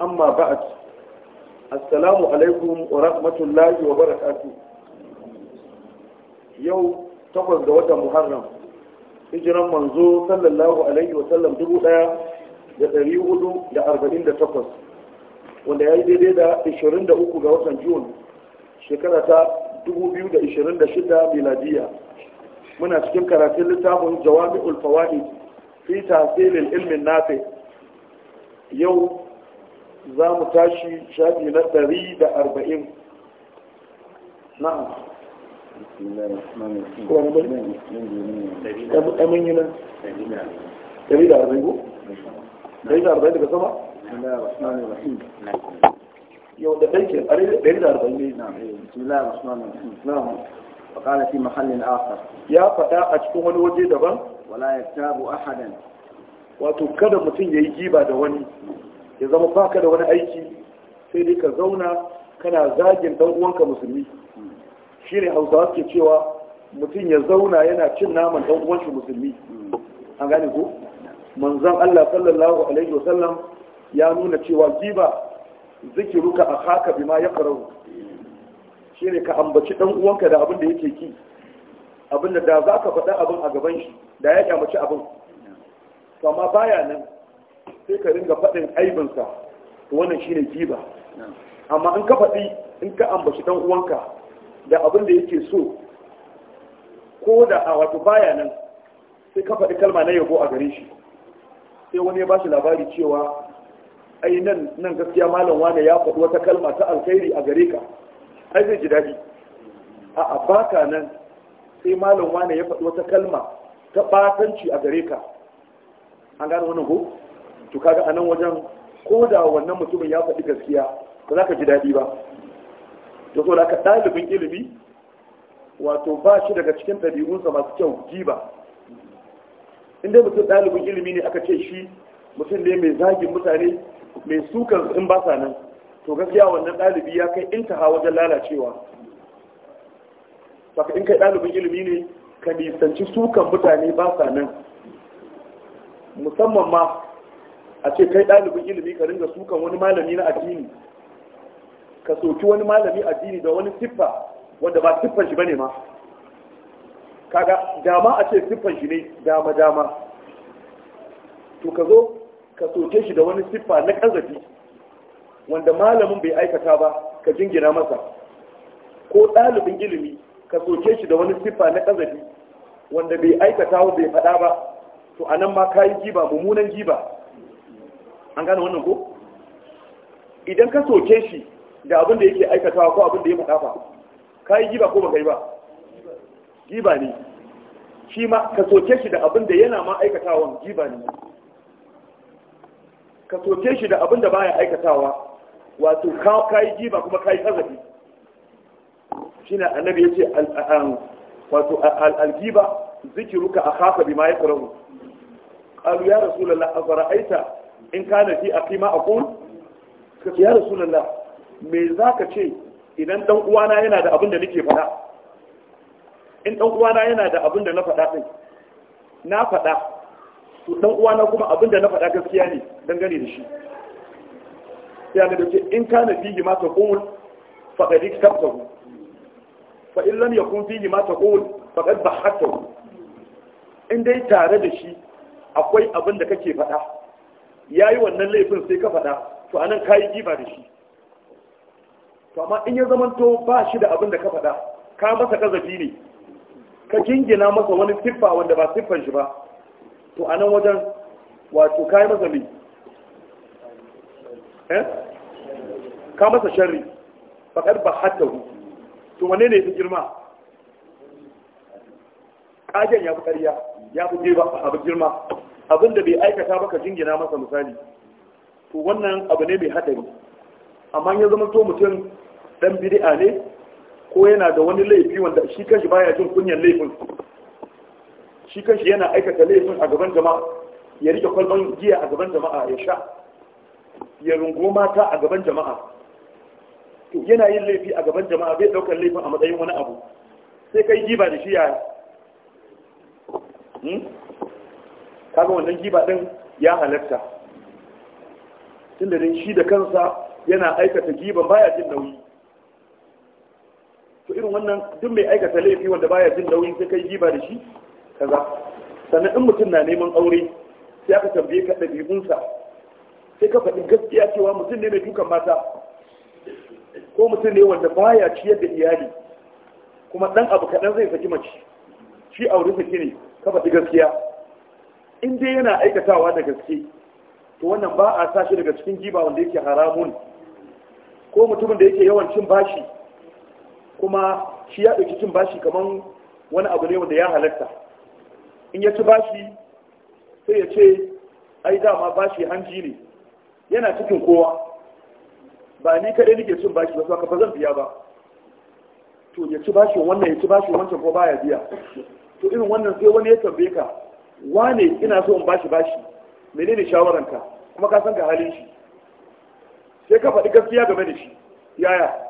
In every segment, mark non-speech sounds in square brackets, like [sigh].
amma ba'ad assalamu alaikum wa rahmatullahi wa barakatu yau takwas ga watan muharram hijiran manzo sallallahu alaihi wa sallam dubu daya da dari hudu da arba'in da takwas wanda ya yi daidai da ishirin da uku ga watan jun shekara ta dubu biyu da ishirin da shida miladiya muna cikin karatun littafin jawami'ul fawa'id fi tasirin ilmin nafe, yau زام تاشي شادي لتريد أربعين نعم بسم الله الرحمن الرحيم أمين هنا تريد أربعين تريد أربعين بسم الله الرحمن الرحيم يوم دقيقة تريد أربعين بسم الله الرحمن الرحيم نعم فقال في محل آخر يا فتاة أشكوه وجد ولا يكتاب أحدا وتكذب في يجيب دواني ya zama baka da wani aiki sai dai ka zauna kana zagin dan uwanka musulmi shi ne hausawa ke cewa mutum ya zauna yana cin naman dan uwanshi musulmi an gane ko manzon Allah sallallahu alaihi wasallam ya nuna cewa giba zikiruka ma bima karau shi ne ka ambaci dan uwanka da abin da yake ki abin da za ka faɗa abin a gaban shi da ya kyamaci abin to baya nan sai ka ringa faɗin aibinsa to wannan shine jiba. amma in ka faɗi in ka ambaci dan uwanka da abin da yake so ko da a wato baya nan sai ka faɗi kalma na yabo a gare shi sai wani ya ba shi labari cewa ai nan nan gaskiya malam wane ya faɗi wata kalma ta alkhairi a gare ka ai zai ji daɗi a baka nan sai malam wane ya faɗi wata kalma ta batanci a gare ka an gane wannan ko to kaga a nan wajen ko da wannan mutumin ya faɗi gaskiya ba za ka ji daɗi ba to so da ka ɗalibin ilimi wato ba shi daga cikin ɗabi'unsa masu kyau jiba. in dai mutum ɗalibin ilimi ne aka ce shi mutum ne mai zagin mutane mai sukan in ba sa nan to gaskiya wannan ɗalibi ya kai in intaha wajen lalacewa saka in kai ɗalibin ilimi ne ka nisanci sukan mutane ba sa nan musamman ma a ce kai ɗalibin ilimi ka ringa sukan wani malami na addini ka soki wani malami addini da wani siffa wanda ba siffan shi bane ma kaga dama a ce siffan shi ne dama dama to ka zo ka soke shi da wani siffa na ƙazafi wanda malamin bai aikata ba ka jingina masa ko ɗalibin ilimi ka soke shi da wani siffa na ƙazafi wanda bai aikata ba bai faɗa ba to anan ma kayi giba mummunan giba an gane wannan ko idan ka soke shi da abin da yake aikatawa ko abin da ya mukafa ka yi giba ko ba yi ba giba ne shi ma ka soke shi da abin da yana ma aikatawa giba ne ka soke shi da abin da baya aikatawa wato ka yi giba kuma ka yi kazafi shi ne annabi ya ce wato algiba zikiruka a kafa bi ma ya tsarahu ƙalu ya rasu lalla a fara'aita in kana fi aqima aqul ka ce ya lalla, me za ka ce idan dan uwana yana da abin da nake faɗa in dan uwana yana da abin da na faɗa din na faɗa to dan uwana kuma abin da na faɗa gaskiya ne dangane da shi sai ga dace in kana fi ma taqul faqad iktabtahu fa in lam yakun fi ma taqul faqad bahatahu in dai tare da shi akwai abin da kake faɗa ya yi wannan laifin sai ka faɗa to anan ka yi giba da shi to amma in ya to ba shi da abin da ka faɗa ka masa kazafi ne ka jingina masa wani siffa wanda ba siffan shi ba to anan wajen wato ka yi masa mai eh ka masa sharri faƙar ba hatta hu to wane ne ya fi girma ƙajen ya fi ƙarya ya fi girma abin da bai aikata ba ka jingina masa misali to wannan abu ne mai haɗari amma ya zama to mutum ɗan bid'a ne ko yana da wani laifi wanda shi kanshi baya jin kunyan laifin shi kanshi yana aikata laifin a gaban jama'a ya rike kwalban giya a gaban jama'a ya sha ya rungo mata a gaban jama'a to yana yin laifi a gaban jama'a zai ɗaukar laifin a matsayin wani abu sai kai giba da shi yaya hmm? kaga wannan giba din ya halatta tunda din shi da kansa yana aikata giba baya jin nauyi to irin wannan duk mai aikata laifi wanda baya jin nauyi sai kai giba da shi kaza sannan in mutum na neman aure sai aka tambaye ka ɗabi'unsa sai ka faɗi gaskiya cewa mutum ne mai dukan mata ko mutum ne wanda baya ciyar da iyali kuma ɗan abu kaɗan zai saki mace shi aure saki ne ka faɗi gaskiya in dai yana aikatawa da gaske to wannan ba a sashi daga cikin giba wanda yake haramun ko mutumin da yake yawan cin bashi kuma shi ya ɗauki cin bashi kamar wani abu ne wanda ya halatta in ya ci bashi sai ya ce ai dama bashi hanji ne yana cikin kowa ba ni kaɗai nake cin bashi ba su aka zan biya ba to ya ci bashi wannan ya ci bashi wancan ko baya biya to irin wannan sai wani ya tambaye ka wane ina so in bashi bashi menene shawaranka kuma ka san ga halin shi sai ka faɗi gaskiya game da shi yaya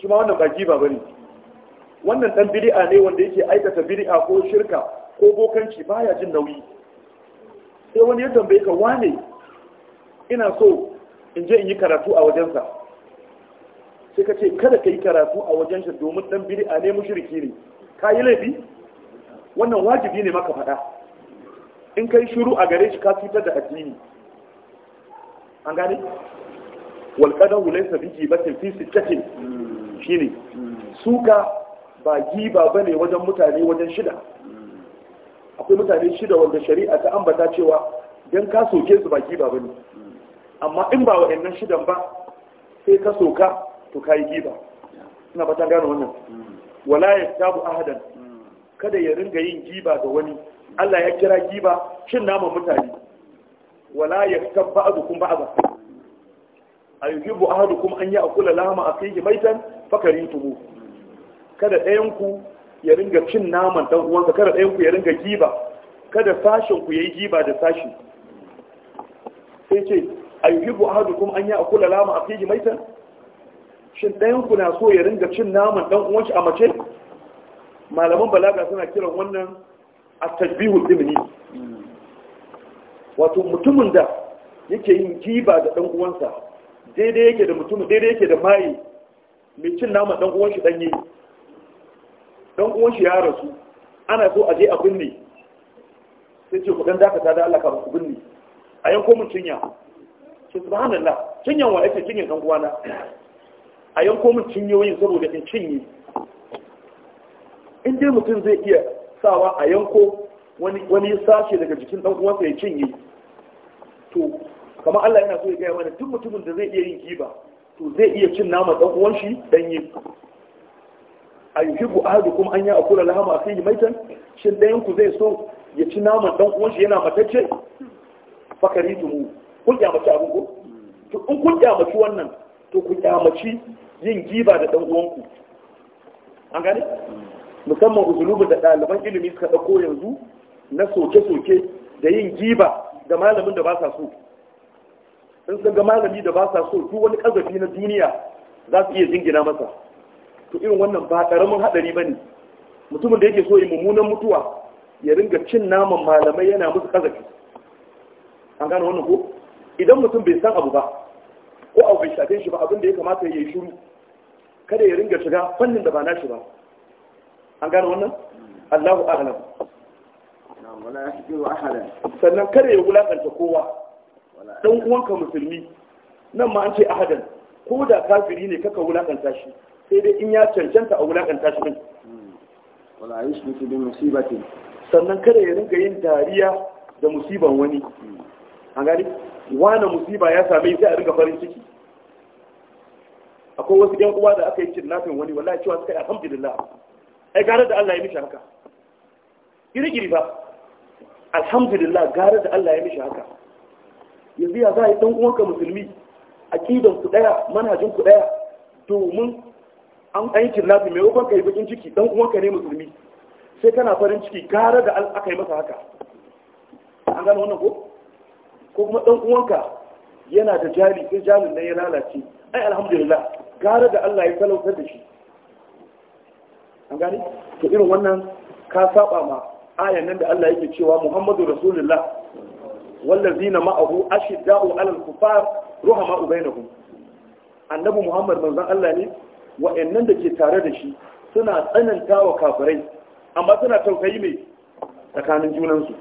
shi ma wannan baki ba bane wannan dan bid'a ne wanda yake aikata bid'a ko shirka ko bokanci baya jin nauyi sai wani ya tambaye ka wane ina so in je in yi karatu a wajensa sai ka ce kada ka yi karatu a wajen wajensa domin dan bid'a ne mushriki ne ka yi laifi wannan wajibi ne maka faɗa in kai shiru a gare shi ka cutar da addini an gane walƙadar wulai sabiki batin fi sittatin shi ne suka ba giba ba ne wajen mutane wajen shida akwai mutane shida wanda shari'a ta ambata cewa don ka soke su ba giba ba ne amma in ba wa'annan shidan ba sai ka soka to ka yi giba ina ba ta gane wannan hmm. wala ya tabu ahadan kada ya ringa yin giba ga wani Allah ya kira giba cin naman mutane wala ya yi ba'dukum ba'dha ayyuhibbu kuma an yi ya'kula a kai maitan tubu. kada ɗayan ku ya ringa cin naman dan uwansa kada ɗayan ku ya ringa giba kada sashin ku yayi giba da sashi sai ce ayyuhibbu kuma an yi lama a kai maitan shin ɗayan ku na so ya ringa cin naman dan uwansa a mace malaman balaga suna kiran wannan a tajbihul dimini wato mutumin da yake yin giba da dan uwansa daidai yake da mutum daidai yake da maye mai cin nama dan uwan shi danye dan uwan shi ya rasu ana so a je a binne sai ce ku dan dakata da Allah ka ku binne a yanko mun cinya ce subhanallah cinyan wa yake cinyan dan uwana a yanko mun cinyoyin saboda in cinye in dai mutum zai iya sawa a yanko wani sashe daga jikin ɗan uwansa ya cinye to kamar Allah yana so ya gaya mana duk mutumin da zai iya yin giba to zai iya cin nama ɗan uwan shi dan yi. a yi hibu ahadu kuma an yi a kula lahama a kai maitan shin ɗayan ku zai so ya ci naman ɗan uwan shi yana matacce fakari mu kun kyamaci abin ko to in kun kyamaci wannan to ku kyamaci yin giba da ɗan uwanku an gane musamman usulubin da ɗaliban ilimi suka ɗauko yanzu na soke-soke da yin giba ga malamin da ba sa so in sun ga malami da ba sa so duk wani ƙazafi na duniya za su iya jingina masa to irin wannan ba ƙaramin haɗari ba ne mutumin da yake so yi mummunan mutuwa ya ringa cin naman malamai yana musu ƙazafi an gane wannan ko idan mutum bai san abu ba ko abu bai shafe shi ba abin da ya kamata ya yi shiru kada ya ringa shiga fannin da ba shi ba an gano wannan Allahu a'lam sannan kada ya wulakanta kowa dan uwanka musulmi nan ma an ce ahadan ko da kafiri ne kaka wulakanta shi sai dai in ya cancanta a wulakanta shi hmm. wala yushmitu bi musibati sannan kada ya rinka yin dariya da musiban wani hmm. an gani wani musiba ya same sai a rinka farin ciki akwai wasu yan uwa da aka yi kidnapping wani wallahi cewa suka yi alhamdulillah ai gare da Allah ya mishi haka iri-iri ba alhamdulillah gare da Allah ya mishi haka yanzu ya za a yi ɗan uwanka musulmi aƙidan ku ɗaya manajin ku ɗaya domin an aikin lafi mai wakon yi bakin ciki ɗan uwanka ne musulmi sai kana farin ciki gare da aka yi masa haka an gano wannan ko ko kuma ɗan uwanka yana da jari sai jalin nan ya lalace ai alhamdulillah gare da Allah ya talautar da shi an gane to irin wannan ka saba ma ayan nan da Allah yake cewa Muhammadu Rasulullah wallazina ma'ahu ashidda'u 'alal kufar ruhama bainahum annabi Muhammad manzon Allah ne wa'annan da ke tare da shi suna tsananta wa kafirai amma suna tausayi mai tsakanin junansu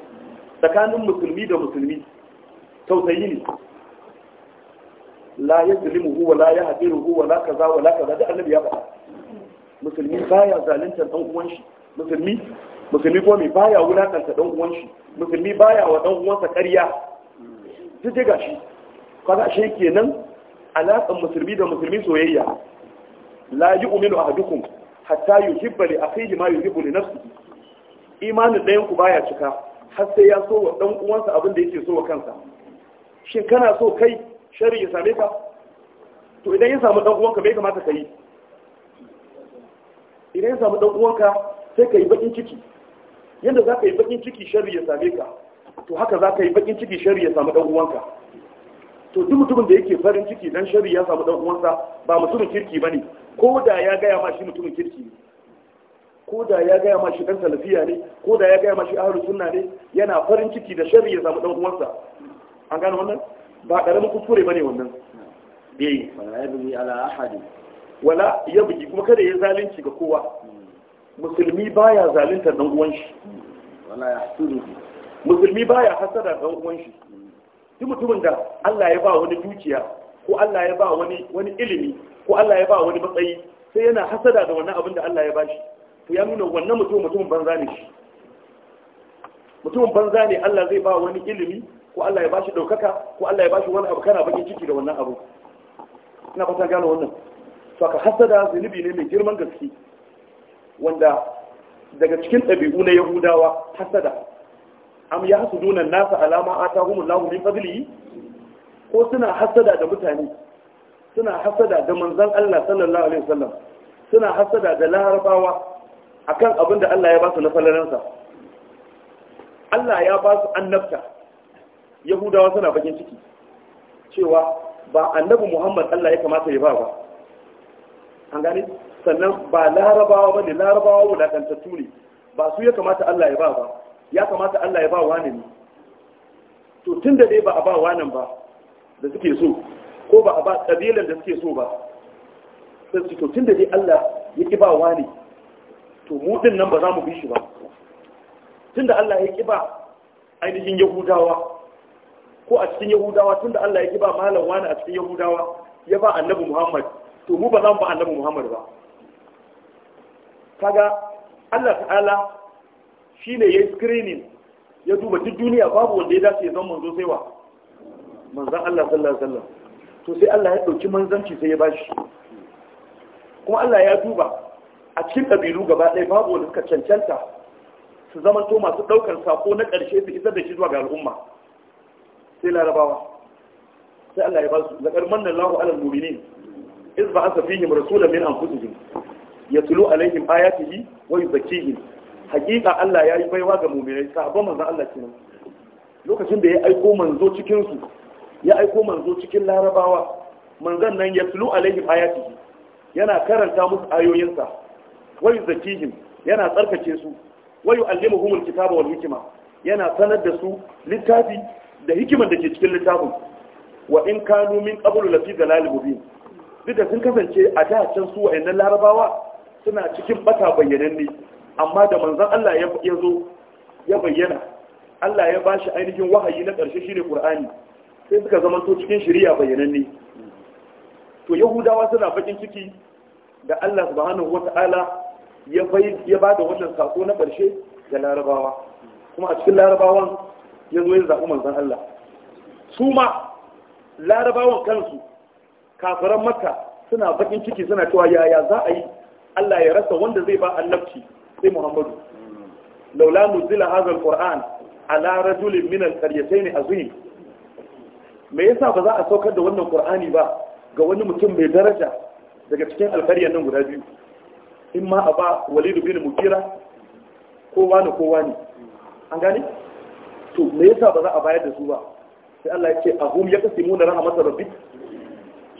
tsakanin musulmi da musulmi tausayi ne la ya zilimu huwa la ya haɗiru huwa la kaza wa la kaza da annabi ya faɗa musulmi baya zaluntar dan uwan shi musulmi musulmi ko mai baya wulakanta dan uwan shi musulmi baya wa dan uwansa ƙarya duk dai gashi kaga shi kenan alaƙan musulmi da musulmi soyayya la yu'minu ahadukum hatta yuhibba li akhihi ma yuhibbu li nafsihi imanin ɗayan ku baya cika har sai ya so wa dan uwansa abin da yake so wa kansa shin kana so kai shari ya same ka to idan ya samu dan uwanka bai kamata ka yi idan ya samu ɗan’uwanka uwanka sai ka yi baƙin ciki yadda za ka yi baƙin ciki sharri ya same ka to haka za ka yi baƙin ciki sharri ya samu ɗan’uwanka uwanka to duk mutumin da yake farin ciki don sharri ya samu ɗan’uwansa uwansa ba mutumin kirki ba ne ko da ya gaya ma shi mutumin kirki ne ko da ya gaya ma shi ɗan salafiya ne ko da ya gaya ma shi ahlus sunna ne yana farin ciki da sharri ya samu ɗan’uwansa uwansa an gane wannan ba ƙaramin kuskure ba ne wannan bai ala ahadi wala ya bugi kuma kada ya zalunci ga kowa musulmi baya zalunta dan uwan shi wala ya musulmi baya hasada dan uwan shi duk mutumin da Allah ya ba wani dukiya ko Allah ya ba wani wani ilimi ko Allah ya ba wani matsayi sai yana hasada da wannan abin da Allah ya bashi to ya nuna wannan mutum mutumin banza ne shi mutumin banza ne Allah zai ba wani ilimi ko Allah ya bashi daukaka ko Allah ya bashi wani abu kana bakin ciki da wannan abu ina fata gano wannan saka hasada zunubi ne mai girman gaske wanda daga cikin ɗabi'u na yahudawa hasada am ya dunan nasa alama a atahumullahu lahumin fadlihi ko suna hasada da mutane suna hasada da manzan Allah sallallahu alaihi wasallam suna hasada da larabawa akan abin da Allah ya ba su na falalansa Allah ya ba su annabta yahudawa suna bakin ciki cewa ba annabi Muhammad Allah ya kamata ya ba ba an gani sannan ba larabawa ba ne larabawa wadatattu ne ba su ya kamata Allah ya ba ba ya kamata Allah ya ba wani ne to tun da dai ba a ba wanan ba da suke so ko ba a ba ƙabilan da suke so ba sai su to tun da dai Allah ya ƙi ba wani to mu din nan ba za mu bi shi ba tun da Allah ya ƙi ba ainihin yahudawa ko a cikin yahudawa tun da Allah ya ƙi ba malam wani a cikin yahudawa ya ba annabi muhammad to mu ba za mu ba annabi Muhammad ba kaga Allah ta'ala shine yayi screening ya duba duk duniya babu wanda ya dace ya zama manzo sai wa manzon Allah sallallahu alaihi wasallam to sai Allah ya dauki manzanci sai ya bashi kuma Allah ya duba a cikin kabilu gaba ɗaya babu wanda suka cancanta su zama to masu ɗaukar sako na ƙarshe su isar da shi zuwa ga al'umma sai larabawa sai Allah ya ba su zakar mannan lahu 'alal mu'minin iz ba asa fihim rasulan min anfusihim yatlu alaihim ayatihi wa yuzakkihim hakika Allah ya yi baiwa ga mu'minai sahabban manzon Allah kenan lokacin da ya aiko manzo cikin ya aiko manzo cikin larabawa manzon nan yatlu alaihim ayatihi yana karanta musu ayoyinsa wa yuzakkihim yana tsarkake su wa yu'allimuhum alkitaba wal hikma yana sanar da su littafi da hikimar da ke cikin littafin wa in kanu min qablu lafi dalal mubin duk da sun kasance a da can su wa'annan larabawa suna cikin bata bayyananne amma da manzon Allah ya zo ya bayyana Allah ya bashi ainihin wahayi na ƙarshe shine Qur'ani sai suka zama to cikin shari'a bayyananne to Yahudawa suna bakin ciki da Allah subhanahu wata'ala ya ba da wannan sako na ƙarshe ga larabawa kuma a cikin larabawan ya zo ya zaɓi manzon Allah su ma larabawan kansu kafiran makka suna bakin ciki suna cewa yaya za a yi Allah ya rasa wanda zai ba annabci sai Muhammadu laula nuzila hadha alquran ala rajulin min alqaryatayn azim me yasa ba za a saukar da wannan qur'ani ba ga wani mutum mai daraja daga cikin alqaryan nan guda biyu in ma a ba walid bin mukira kowa ne kowa ne an gane to me yasa ba za a bayar da su ba sai Allah ya ce ahum yaqsimuna rahmatar rabbik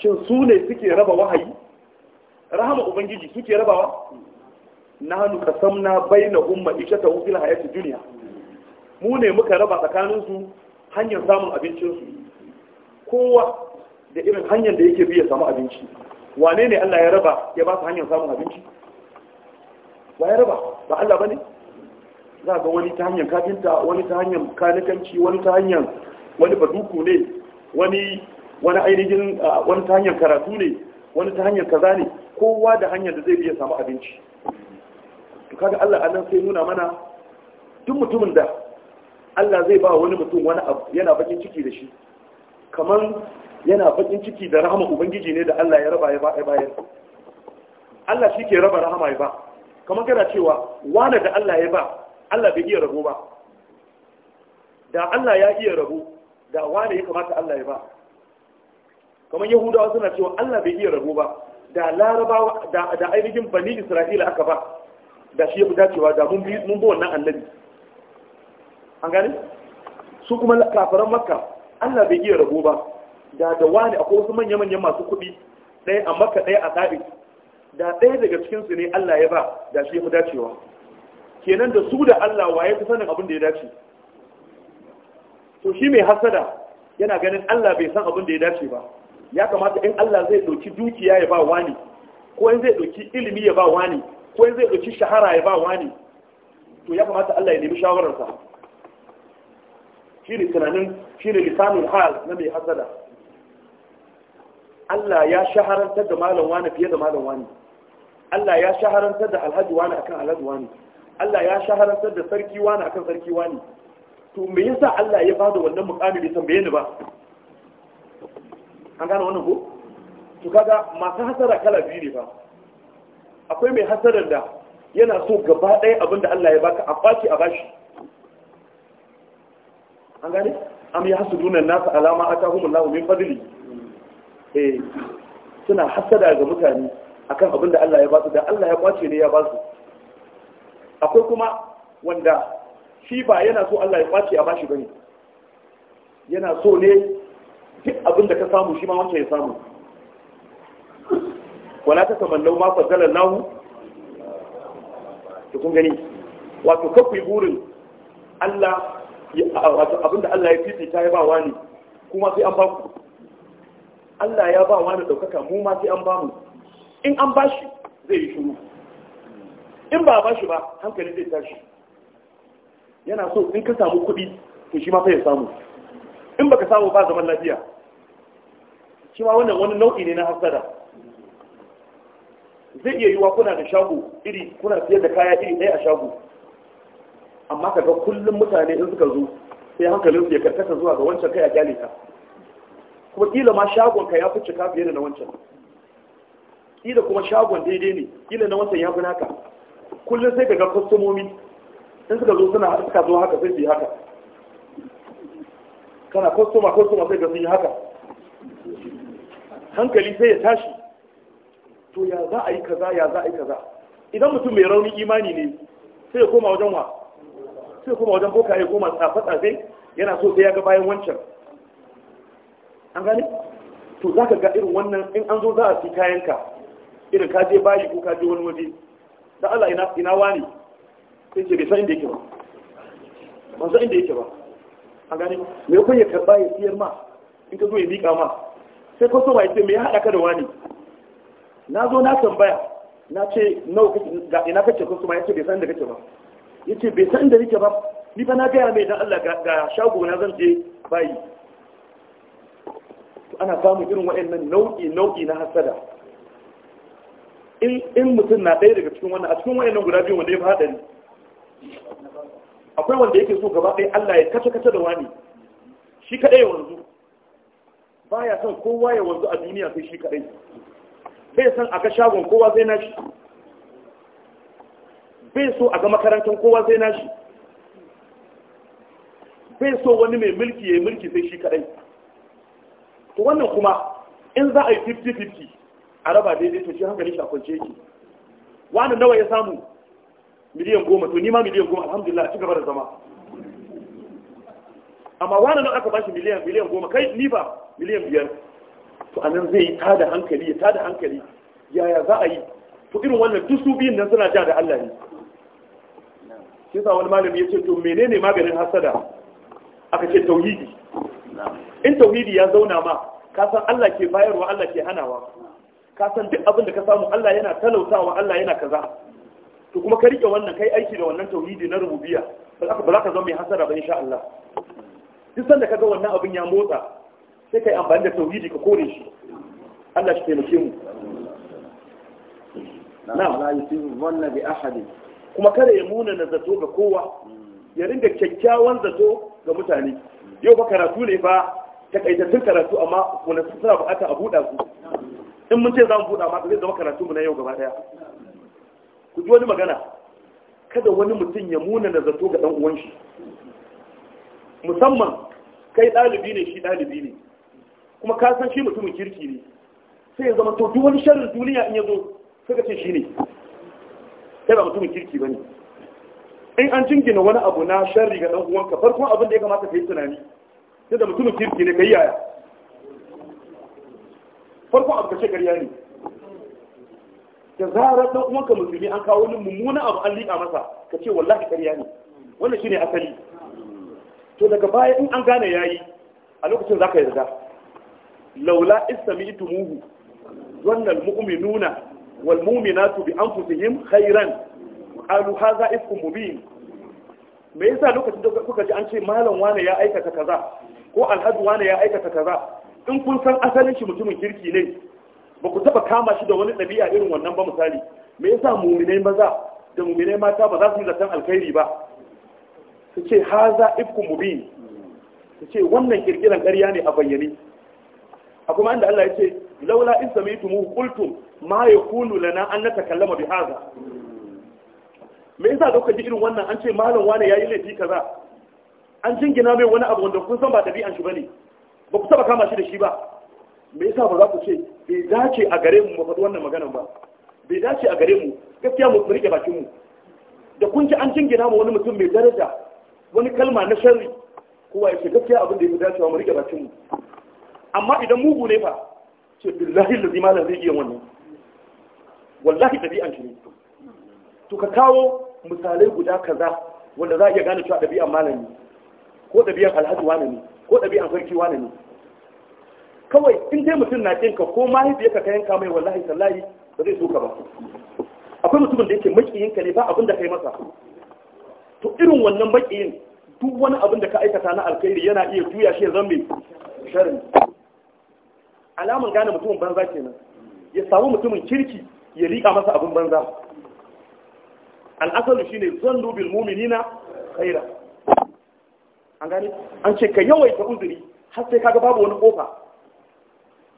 shin su ne suke raba wahayi rahama ubangiji suke rabawa Na samna nahnu na bainahum ma'ishatahu fil hayati duniya. mu ne muka raba tsakanin su hanyar samun abincinsu? kowa da irin hanyar da yake bi ya samu abinci wane ne Allah ya raba ya ba su hanyar samun abinci ba ya raba ba Allah ba ne? za ga wani ta hanyar kafinta wani ta hanyar kanikanci wani ta hanyar wani baduku ne wani wani ainihin wani ta hanyar karatu ne wani ta hanyar kaza ne kowa da hanyar da zai biya samu abinci to kaga Allah nan sai nuna mana duk mutumin da Allah zai ba wani mutum wani abu yana bakin ciki da shi kamar yana bakin ciki da rahama ubangiji ne da Allah ya raba ya bayar Allah shi ke raba rahama ya ba kamar kana cewa wani da Allah ya ba Allah bai iya rabo ba da Allah ya iya rabo da wani ya kamata Allah ya ba kamar yahudawa suna cewa Allah bai iya rabo ba da larabawa da ainihin bani isra'ila aka ba da shi ya fi dacewa da mun bi wannan annabi an gani? su kuma kafiran makka Allah bai iya rabo ba da da wani akwai wasu manya-manyan masu kuɗi ɗaya a makka ɗaya a tsabi da ɗaya daga cikinsu ne Allah ya ba da shi ya fi dacewa kenan da su da Allah waye fi sanin abin da ya dace to shi mai hasada yana ganin Allah bai san abin da ya dace ba ya kamata in Allah zai ɗauki dukiya ya ba wani ko in zai ɗauki ilimi ya ba wani ko in zai ɗauki shahara ya ba wani to ya kamata Allah ya nemi shawararsa shi ne tunanin shi ne lisanin hal na mai hasada Allah ya shaharantar da malam wani fiye da malam wani Allah ya shaharantar da alhaji wani akan alhaji wani Allah ya shaharantar da sarki wani akan sarki wani to me yasa Allah ya bada wannan mukamin bai tambaye ni ba an gane wannan ko to kaga masu hasara kala biyu ne ba akwai mai hasara da yana so gaba ɗaya abin da Allah ya baka a baki a bashi an gane am ya hasu dunan nasu alama aka humun lahu min fadli eh suna hasada ga mutane akan abin da Allah ya basu da Allah ya kwace ne ya basu akwai kuma wanda shi ba yana so Allah ya kwace a bashi bane yana so ne duk abin da ka samu shi ma wancan ya samu wala ta tamallau ma fadalan lahu to kun gani wato kakwai burin Allah wato abinda Allah ya fifita ya ba wani kuma sai an ba ku Allah ya ba wani daukaka mu ma sai an ba mu in an ba shi zai yi shuru in ba ba shi ba hankali zai tashi yana so in ka samu kuɗi to shi ma fa ya samu in baka samu ba zaman lafiya shi ma wannan wani nau'i ne na hasada zai iya yiwa kuna da shago iri kuna siyar da kaya iri ɗaya a shago amma kaga kullum mutane in suka zo sai hankalin su ya karkata zuwa ga wancan kai a kyale ka kuma kila ma shagon ka ya fi cika fiye da na wancan kila kuma shagon daidai ne kila na wancan ya fi naka kullum sai kaga kwastomomi in suka zo suna suka zo haka sai su yi haka kana kwastoma kwastoma sai ga sun yi haka hankali sai ya tashi to ya za a yi kaza ya za a yi kaza idan mutum mai rauni imani ne sai ya koma wajen wa sai ya koma wajen boka ya koma tsafe-tsafe yana so sai ya ga bayan wancan an gane to za ka ga irin wannan in an zo za a fi kayanka irin ka je bayi ko ka je wani waje da Allah ina ina wani sai ce bai san inda yake ba ban san inda yake ba an gane me kun ya karba ya siyar ma in ka zo ya miƙa ma sai kwaso ba ce me ya haɗa ka da wani na zo na tambaya na ce nawa ga ina kace kwaso ba ce bai san da kake ba ce bai san da nake ba ni fa na gaya mai dan Allah ga shago na zan je bayi ana samun irin waɗannan nau'i nau'i na hasada in mutum na ɗaya daga cikin wannan a cikin waɗannan guda biyu wanda ya fi haɗari akwai wanda yake so gaba ɗaya Allah ya kace kace da wani shi kaɗai yanzu baya son kowa ya wanzu a duniya sai shi kadai bai son a ga shagon kowa zai nashi bai so a ga makarantar kowa zai nashi bai so wani mai mulki ya yi mulki sai shi kadai to wannan kuma in za a yi 50-50 a raba daidai to shi hankali shi a kwance yake wani nawa ya samu miliyan goma to nima miliyan goma alhamdulillah a ci gaba da zama amma wani nan aka bashi miliyan miliyan goma kai ni ba miliyan biyar to anan zai yi tada hankali ya tada hankali yaya za a yi to irin wannan duk su biyun nan suna ja da Allah ne shi sa wani malami ya ce to menene maganin hasada aka ce tauhidi in tauhidi ya zauna ma ka san Allah ke bayarwa Allah ke hanawa ka san duk abin da ka samu Allah yana talautawa Allah yana kaza to kuma ka rike wannan kai aiki da wannan tauhidi na rububiyya ba za ka zama mai hasada ba insha Allah duk sanda ga wannan abin ya motsa sai kai amfani da tauhidi ka kore shi Allah shi taimake mu Na la yusibu dhanna bi ahadi. kuma kada ya muna na zato ga kowa ya ringa kyakkyawan zato ga mutane yau ba karatu ne ba tun karatu amma wani suna bukata a buɗa su in mun ce za mu buɗa ma zai zama karatu mu na yau gaba daya ku ji wani magana kada wani mutum ya muna na zato ga dan uwan shi musamman kai ɗalibi ne shi ɗalibi ne kuma ka san shi mutumin kirki ne sai ya zama to duk wani sharrin duniya in ya zo suka ce shi ne kai ba mutumin kirki ba ne in an jingina wani abu na sharri ga ɗan uwanka farkon abin da ya kamata ka yi tunani sai da mutumin kirki ne ka yi yaya farkon abu ka ce ƙarya ne da zarar ɗan uwanka musulmi an kawo wani mummuna abu an liƙa masa ka ce wallahi ƙarya ne wannan shi ne asali to daga baya in an gane yayi a lokacin zaka yarda laula istami'tumuhu dhanna almu'minuna wal mu'minatu bi anfusihim khairan qalu hadha ifkum mubin me yasa lokacin da kuka ji an ce malam wane ya aikata kaza ko alhaji wane ya aikata kaza in kun san asalin shi mutumin kirki ne ba ku taba kama shi da wani ɗabi'a irin wannan ba misali me yasa muminai maza da muminai mata ba za su yi zaton alkhairi ba su ce haza ifku bi. su ce wannan kirkiran ƙarya ne a bayyane a kuma inda Allah ya ce laula in tumu qultum ma yakunu lana an natakallama bi haza me yasa da kuka ji irin wannan an ce malam wane yayi laifi kaza an jingina mai wani abu wanda kun san ba dabi'an shi bane ba ku taba kama shi da shi ba me yasa ba za ku ce bai dace a gare mu mu faɗi wannan maganar ba bai dace a gare mu gaskiya mu riƙe bakin mu da kun ji an jingina mu wani mutum mai daraja wani kalma na sharri kowa ya ce gaskiya abin da ya fi dacewa mu riƙe bakin mu amma idan mugu ne fa ce billahi lazi malam zai iya wannan wallahi ɗabi'an shi ne to ka kawo misalai guda kaza wanda za a iya gane cewa ɗabi'an malami ko ɗabi'an alhaji wane ne ko ɗabi'an sarki wane ne kawai in dai mutum na kinka ko mahaifiyarka ka yanka mai wallahi tallahi ba zai so ka ba akwai mutumin da yake makiyinka ne ba abin da kai masa to irin wannan baƙin duk wani abin da ka aikata na alkhairi yana iya juya shi ya zambe sharin alaman gane mutumin banza kenan ya samu mutumin kirki ya rika masa abin banza al'asalu shine zannu bil mu'minina khaira an gane an ce ka yawaita uzuri har sai kaga babu wani kofa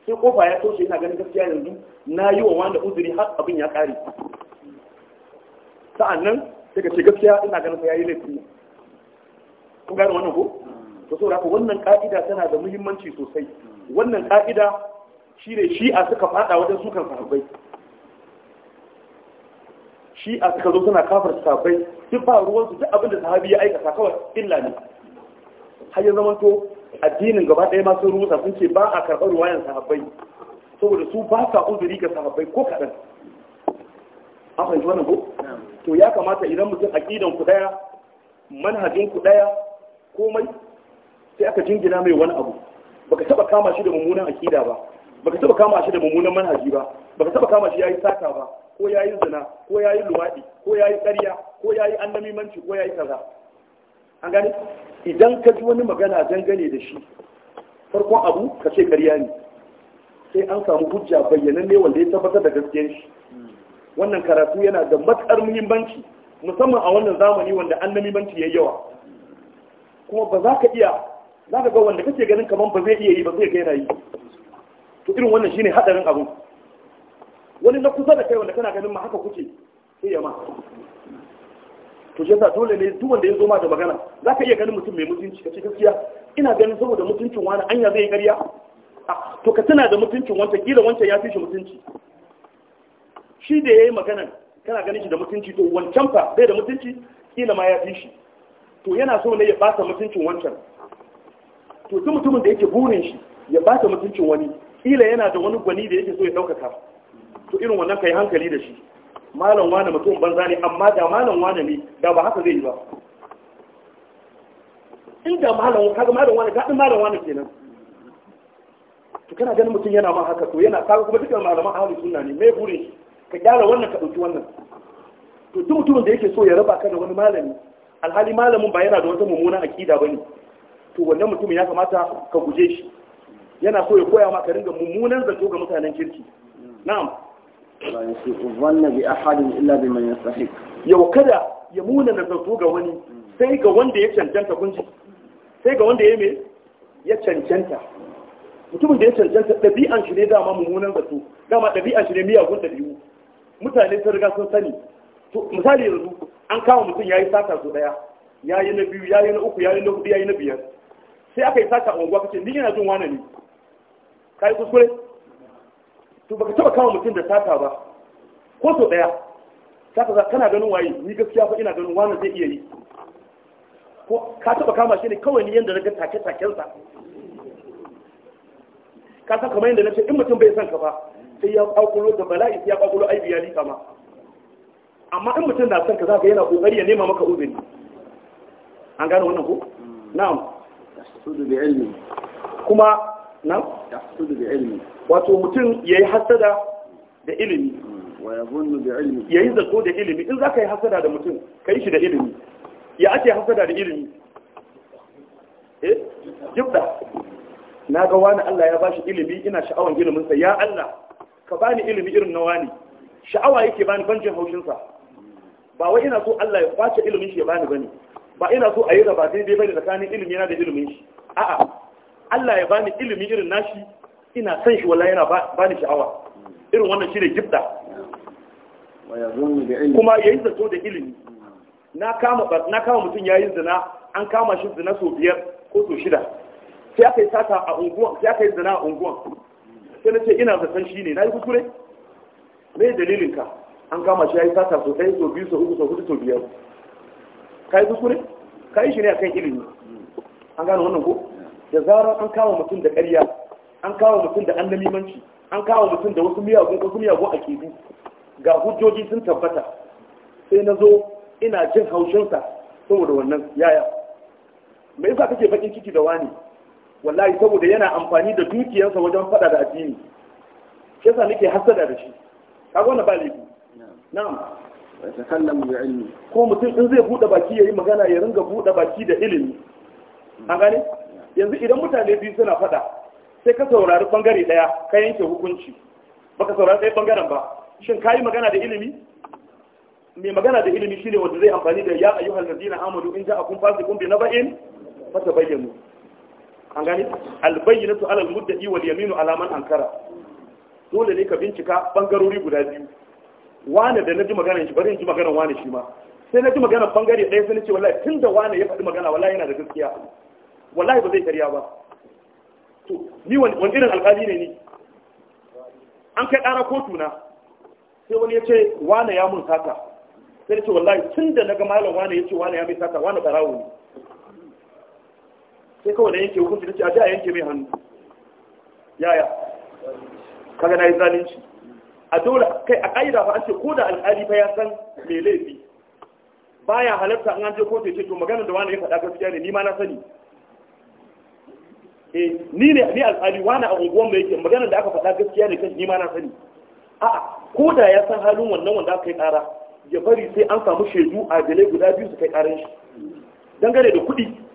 sai kofa ya toshe ina ganin gaskiya yanzu na yi wa wanda uzuri har abin ya kare sa'annan sai ka ce gaskiya ina ganin ya yi ne kun gane wannan ko to saboda haka wannan ka'ida tana da muhimmanci sosai wannan ka'ida shi ne suka fada wajen sukan sahabbai a suka zo suna kafar sahabbai duk ba ruwansu duk abin da sahabi ya aikata kawai illa ne har ya zama to addinin gaba ɗaya ma sun rusa sun ce ba a karɓar ruwayan sahabbai saboda su ba sa uzuri ga sahabbai ko kaɗan an fahimci wannan ko to ya kamata idan mutum aqidan ku daya manhajin ku daya komai sai aka jingina mai wani abu baka taba kama shi da mummunan aqida ba baka taba kama shi da mummunan manhaji ba baka taba kama shi yayi saka ba ko yayi zina ko yayi luwadi ko yayi ƙarya ko yayi annamimanci ko yayi kaza an gani idan ka ji wani magana dangane da shi farkon abu ka ce ƙarya ne sai an samu hujja bayyana ne wanda ya tabbatar da gaskiyar shi wannan karatu yana da matsar muhimmanci musamman a wannan zamani wanda annabimanci ya yayi yawa kuma ba za ka iya za ka ga wanda kake ganin kamar ba zai iya yi ba zai kai yi to irin wannan shine hadarin abu wani na kusa da kai wanda kana ganin ma haka kuke sai ya ma to shi yasa dole ne duk wanda ya zo ma da magana za ka iya ganin mutum mai mutunci ka ce gaskiya ina ganin saboda mutuncin wani anya zai yi ƙarya to ka tuna da mutuncin wancan kila wancan ya fi shi mutunci shi da ya yi magana kana ganin shi da mutunci to wancan fa bai da mutunci kila ma ya fi shi to yana so ne ya bata mutuncin wancan to duk mutumin da yake burin shi ya bata mutuncin wani kila yana da wani gwani da yake so ya daukaka to irin wannan kai hankali da shi malam wani mutum banza ne amma da malam wani ne da ba haka zai yi ba inda malam kaga malam wani gadin malam wani kenan to kana ganin mutum yana ma haka to yana kaga kuma dukkan malaman ahlus sunna ne mai burin shi ka gyara wannan ka ɗauki wannan to duk mutumin da yake so ya raba ka da wani malami alhali malamin ba yana da wata mummunan akida ba ne to wannan mutumin ya kamata ka guje shi yana so ya koya ma ka ringa mummunan zato ga mutanen kirki na'am la yusifu dhanna bi ahadin illa bi man yastahiq yau kada ya muna na zato ga wani sai ga wanda ya cancanta kunji sai ga wanda ya me ya cancanta mutumin da ya cancanta ɗabi'an shi ne dama mummunan zato dama ɗabi'an shi ne miyagun ɗabi'u mutane sun riga sun sani to misali yanzu an kama mutum ya yi sata su daya ya yi na biyu ya yi na uku ya yi na hudu ya yi na biyar sai aka yi sata a unguwa kace ni yana jin wani ne ka yi kuskure to baka taba kama mutum da sata ba ko so daya sata za kana ganin waye ni gaskiya fa ina ganin wani zai iya yi ko ka taba kama shi ne kawai ni yanda daga take takensa ka san kamar yadda na ce, in mutum bai san ka ba sai ya kwakulo da bala'i sai ya ƙwaƙulo aibiya ni lika amma in mutum na son ka zaka yana kokari ya nema maka uzuri an gane wannan ko na'am tasudu bi ilmi kuma na'am tasudu bi ilmi wato mutum yayi hasada da ilimi hmm, wa yazunnu bi ilmi yayi zato da ilimi in zaka yi hasada da mutum kai shi da ilimi ya ake hasada da ilimi eh jibda na ga wani Allah ya bashi ilimi ina sha'awan sa, ya Allah ka bani ilimi irin na wani sha'awa yake bani banjin haushinsa ba wai ina so Allah ya kwace ilimin shi ya bani bane ba ina so a yi raba daidai bane tsakanin ilimi na da ilimin shi a'a Allah ya bani ilimi irin nashi ina san shi wallahi yana bani sha'awa irin wannan shi ne gifta kuma ya yi zato da ilimi na kama mutum ya yi zina an kama shi zina sau biyar ko sau shida sai aka yi sata a unguwan sai aka yi zina a unguwan sai na ce ina zaton shi ne na yi kuskure me dalilin ka an kama shi ya yi sata so ɗaya so biyu so uku so hudu so biyar ka yi kuskure ka yi shi ne akan ilimi an gane wannan ko da zarar an kama mutum da ƙarya an kama mutum da annamimanci an kama mutum da wasu miyagun wasu miyagun a kebu ga hujjoji sun tabbata sai na zo ina jin haushinsa saboda wannan yaya me yasa kake bakin ciki da wani wallahi saboda yana amfani da dukiyarsa wajen fada da addini shi yasa nake hasada da shi kaga wannan ba laifi na'am wa takallamu bi ilmi ko mutum in zai bude baki yayi magana ya ringa bude baki da ilimi an gane yanzu idan mutane biyu suna fada sai ka saurari bangare daya ka yanke hukunci baka saurari ɗaya bangaren ba shin ka yi magana da ilimi mai magana da ilimi shine wanda zai amfani da ya ayyuhal ladina amanu in ja'akum fasiqun bi naba'in fatabayyanu an gane su alal muddai wal yaminu ala man ankara dole ne ka bincika bangarori guda biyu wane da naji magana shi bari in ji magana wane shi ma sai naji maganar bangare ɗaya sai nace wallahi tun da wane ya faɗi magana wallahi yana da gaskiya wallahi ba zai karya ba to ni wani irin alƙali ne ni an kai ƙara kotu na sai wani ya ce wane ya mun sata sai nace wallahi tun na naga malam wane ya ce wane ya mai sata wane ɓarawo ne sai kawai da yanke hukunci ce a a yanke mai hannu yaya kaga na yi zalunci a dole kai a ƙa'ida fa an ce ko da alƙali fa ya san me laifi baya halarta an je kotu ce to maganar da wani ya faɗa gaskiya ne ni ma na sani eh ni ne ni alƙali wani a unguwan mai yake maganar da aka faɗa gaskiya ne kan ni ma na sani a'a ko da ya san halin wannan wanda aka yi ƙara ya bari sai an samu shaidu a adalai guda biyu su kai ƙaran shi dangane da kuɗi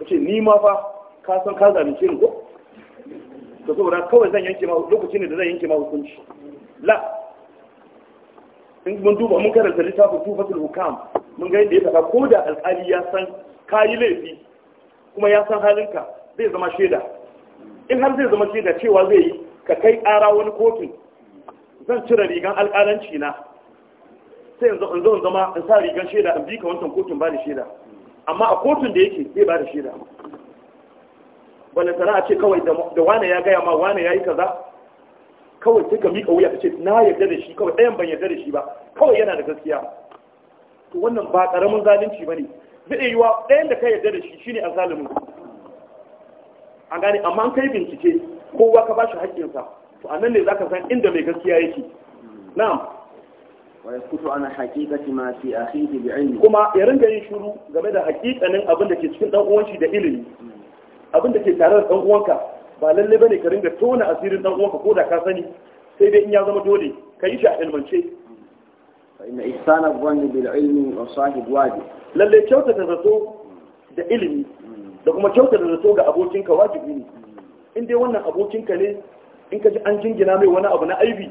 ka ce ni ma fa ka san ka zalunce ni ko to saboda kawai zan yanke ma lokaci ne da zan yanke ma hukunci la in mun duba mun karanta littafin tufatul hukam mun ga yadda ya faɗa ko da alƙali ya san yi laifi kuma ya san halinka zai zama shaida in har zai zama shaida cewa zai yi ka kai ƙara wani kotun zan cire rigan alƙalanci na sai in zo in zama in sa rigan shaida in bi ka wancan kotun ba da shaida amma a kotun da yake zai ba da shaida balantana a ce kawai da wane ya gaya ma wane ya yi kaza kawai sai ka miƙa wuya ka ce na yarda da shi kawai ɗayan ban yarda da shi ba kawai yana da gaskiya to wannan ba ƙaramin zalunci ba ne zai yi wa ɗayan da ka yarda da shi shine zalimin A gane amma kai bincike kowa ka ba shi haƙƙinsa to a nan ne za ka san inda mai gaskiya yake na'am ويسكت عن حقيقة ما في أخيه بعلمه كما يرنجا يشورو game da hakikanin abin da ke cikin dan uwan da ilimi abin da ke tare da dan ba lalle bane ka ringa tona asirin dan uwanka ko da ka sani sai dai in ya zama dole ka yi shi a ilmance fa inna ihsana dhanni bil ilmi wa sahib wajib lalle kyautata zato da ilimi da kuma kyautata zato ga abokinka wajibi ne in dai wannan abokinka ne in ka ji an jingina mai wani abu na aibi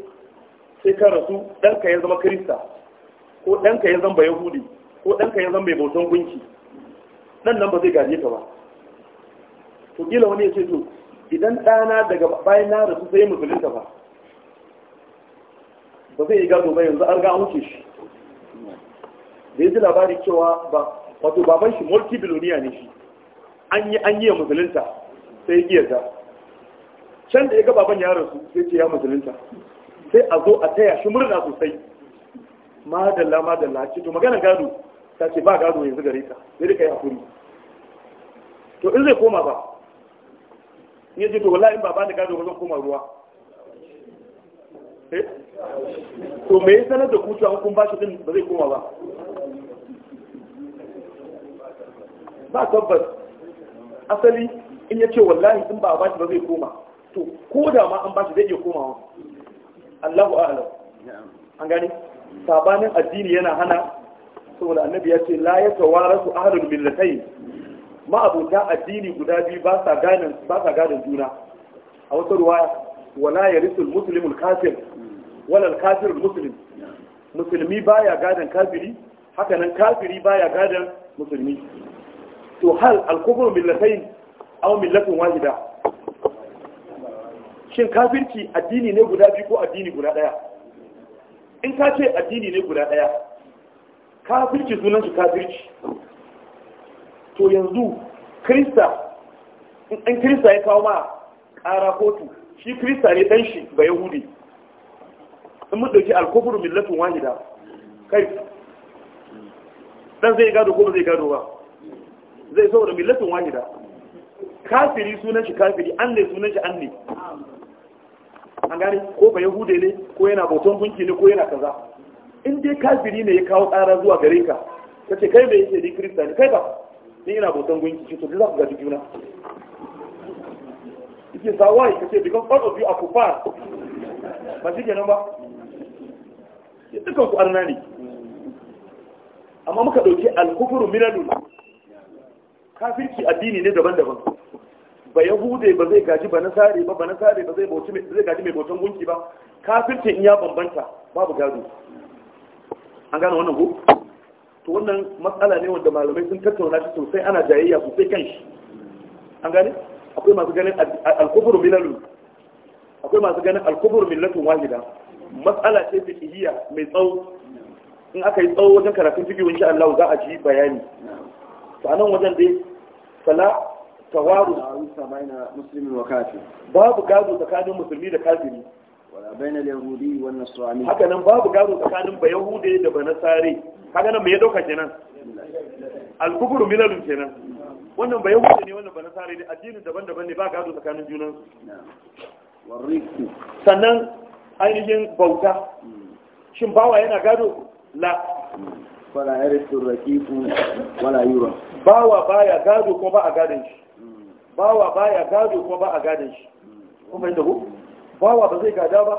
sai ka rasu ɗanka ya zama kirista ko ɗanka ya zama yahudi ko ɗanka ya zama mai bautan gunki ɗan nan ba zai gaje ka ba to kila wani ya ce to idan ɗana daga bayan na rasu sai ka ba ba zai yi gado ba yanzu an ga an wuce shi da ya ji labari cewa ba wato baban shi mulki biloniya ne shi an yi an yi ya musulunta sai ya ƙiyarta can da ya ga baban ya rasu sai ce ya musulunta sai a zo a taya shi murna sosai madalla madalla ce to magana gado ta ce ba gado yanzu gare ta sai rika a hakuri to in zai koma ba in yace to wallahi in ba ba da gado ba zan koma ruwa eh? to me ya sanar da ku cewa kun ba shi din ba zai koma ba ba tabbas asali in ya ce wallahi in ba a bashi ba zai koma to ko da ma an bashi zai iya komawa Allahu a'lam an gani sabanin addini yana hana saboda annabi ya ce la yatawarasu ahlul millatayn ma abuta addini guda biyu ba sa ganin ba sa ganin juna a wata ruwaya wala yarisul muslimul kafir wala al kafirul muslim musulmi baya gadan kafiri haka nan kafiri baya gadan musulmi to hal al kufru millatayn aw millatun wahida shin kafirci addini ne guda biyu ko addini guda ɗaya in ka ce addini ne guda ɗaya kafirci sunan shi kafirci to yanzu krista in krista ya kawo ma ƙara kotu shi krista ne dan shi ba yahudi in mun ɗauki alkofuru millatin wahida kai dan zai gado ko ba zai gado ba zai saboda millatin wahida kafiri sunan shi kafiri an ne sunan shi an ne an gane ko ba yahude ne ko yana bautan gunki ne ko yana kaza in dai kafiri ne ya kawo tsara zuwa gare ka kace kai me yake ni kirista ne kai ba ni ina bautan gunki to za ku gaji juna yake sa wai kace because all of you are kufar ba shi kenan ba dukkan ku arna ne amma muka ɗauki al-kufru milalun kafirci addini ne daban-daban ba yahude ba zai gaji ba nasare ba ba nasare ba zai gaji mai bautan gunki ba kafircin in ya bambanta babu gado an gane wannan ko to wannan matsala ne wanda malamai sun tattauna shi sosai ana jayayya sosai kan shi an gane akwai masu ganin al milalu akwai masu ganin al-kufru millatun wahida matsala ce kihiya mai tsawo in aka yi tsawo wajen karatun fiqh insha Allah za a ji bayani to anan wajen dai sala tawaru babu gado tsakanin musulmi da kafiri wala bainal yahudi wan nasrani haka nan babu gado tsakanin ba yahude da ba nasare nan me ya dauka kenan al-kufru milalun kenan wannan ba yahude ne wannan ba ne addini daban-daban ne ba gado tsakanin junan su sannan ainihin bauta shin bawa yana gado la wala yarisu rakiku wala yura bawa baya gado ko ba a gadon shi bawa baya gado kuma ba a gadon shi kuma yadda ku bawa ba zai gada ba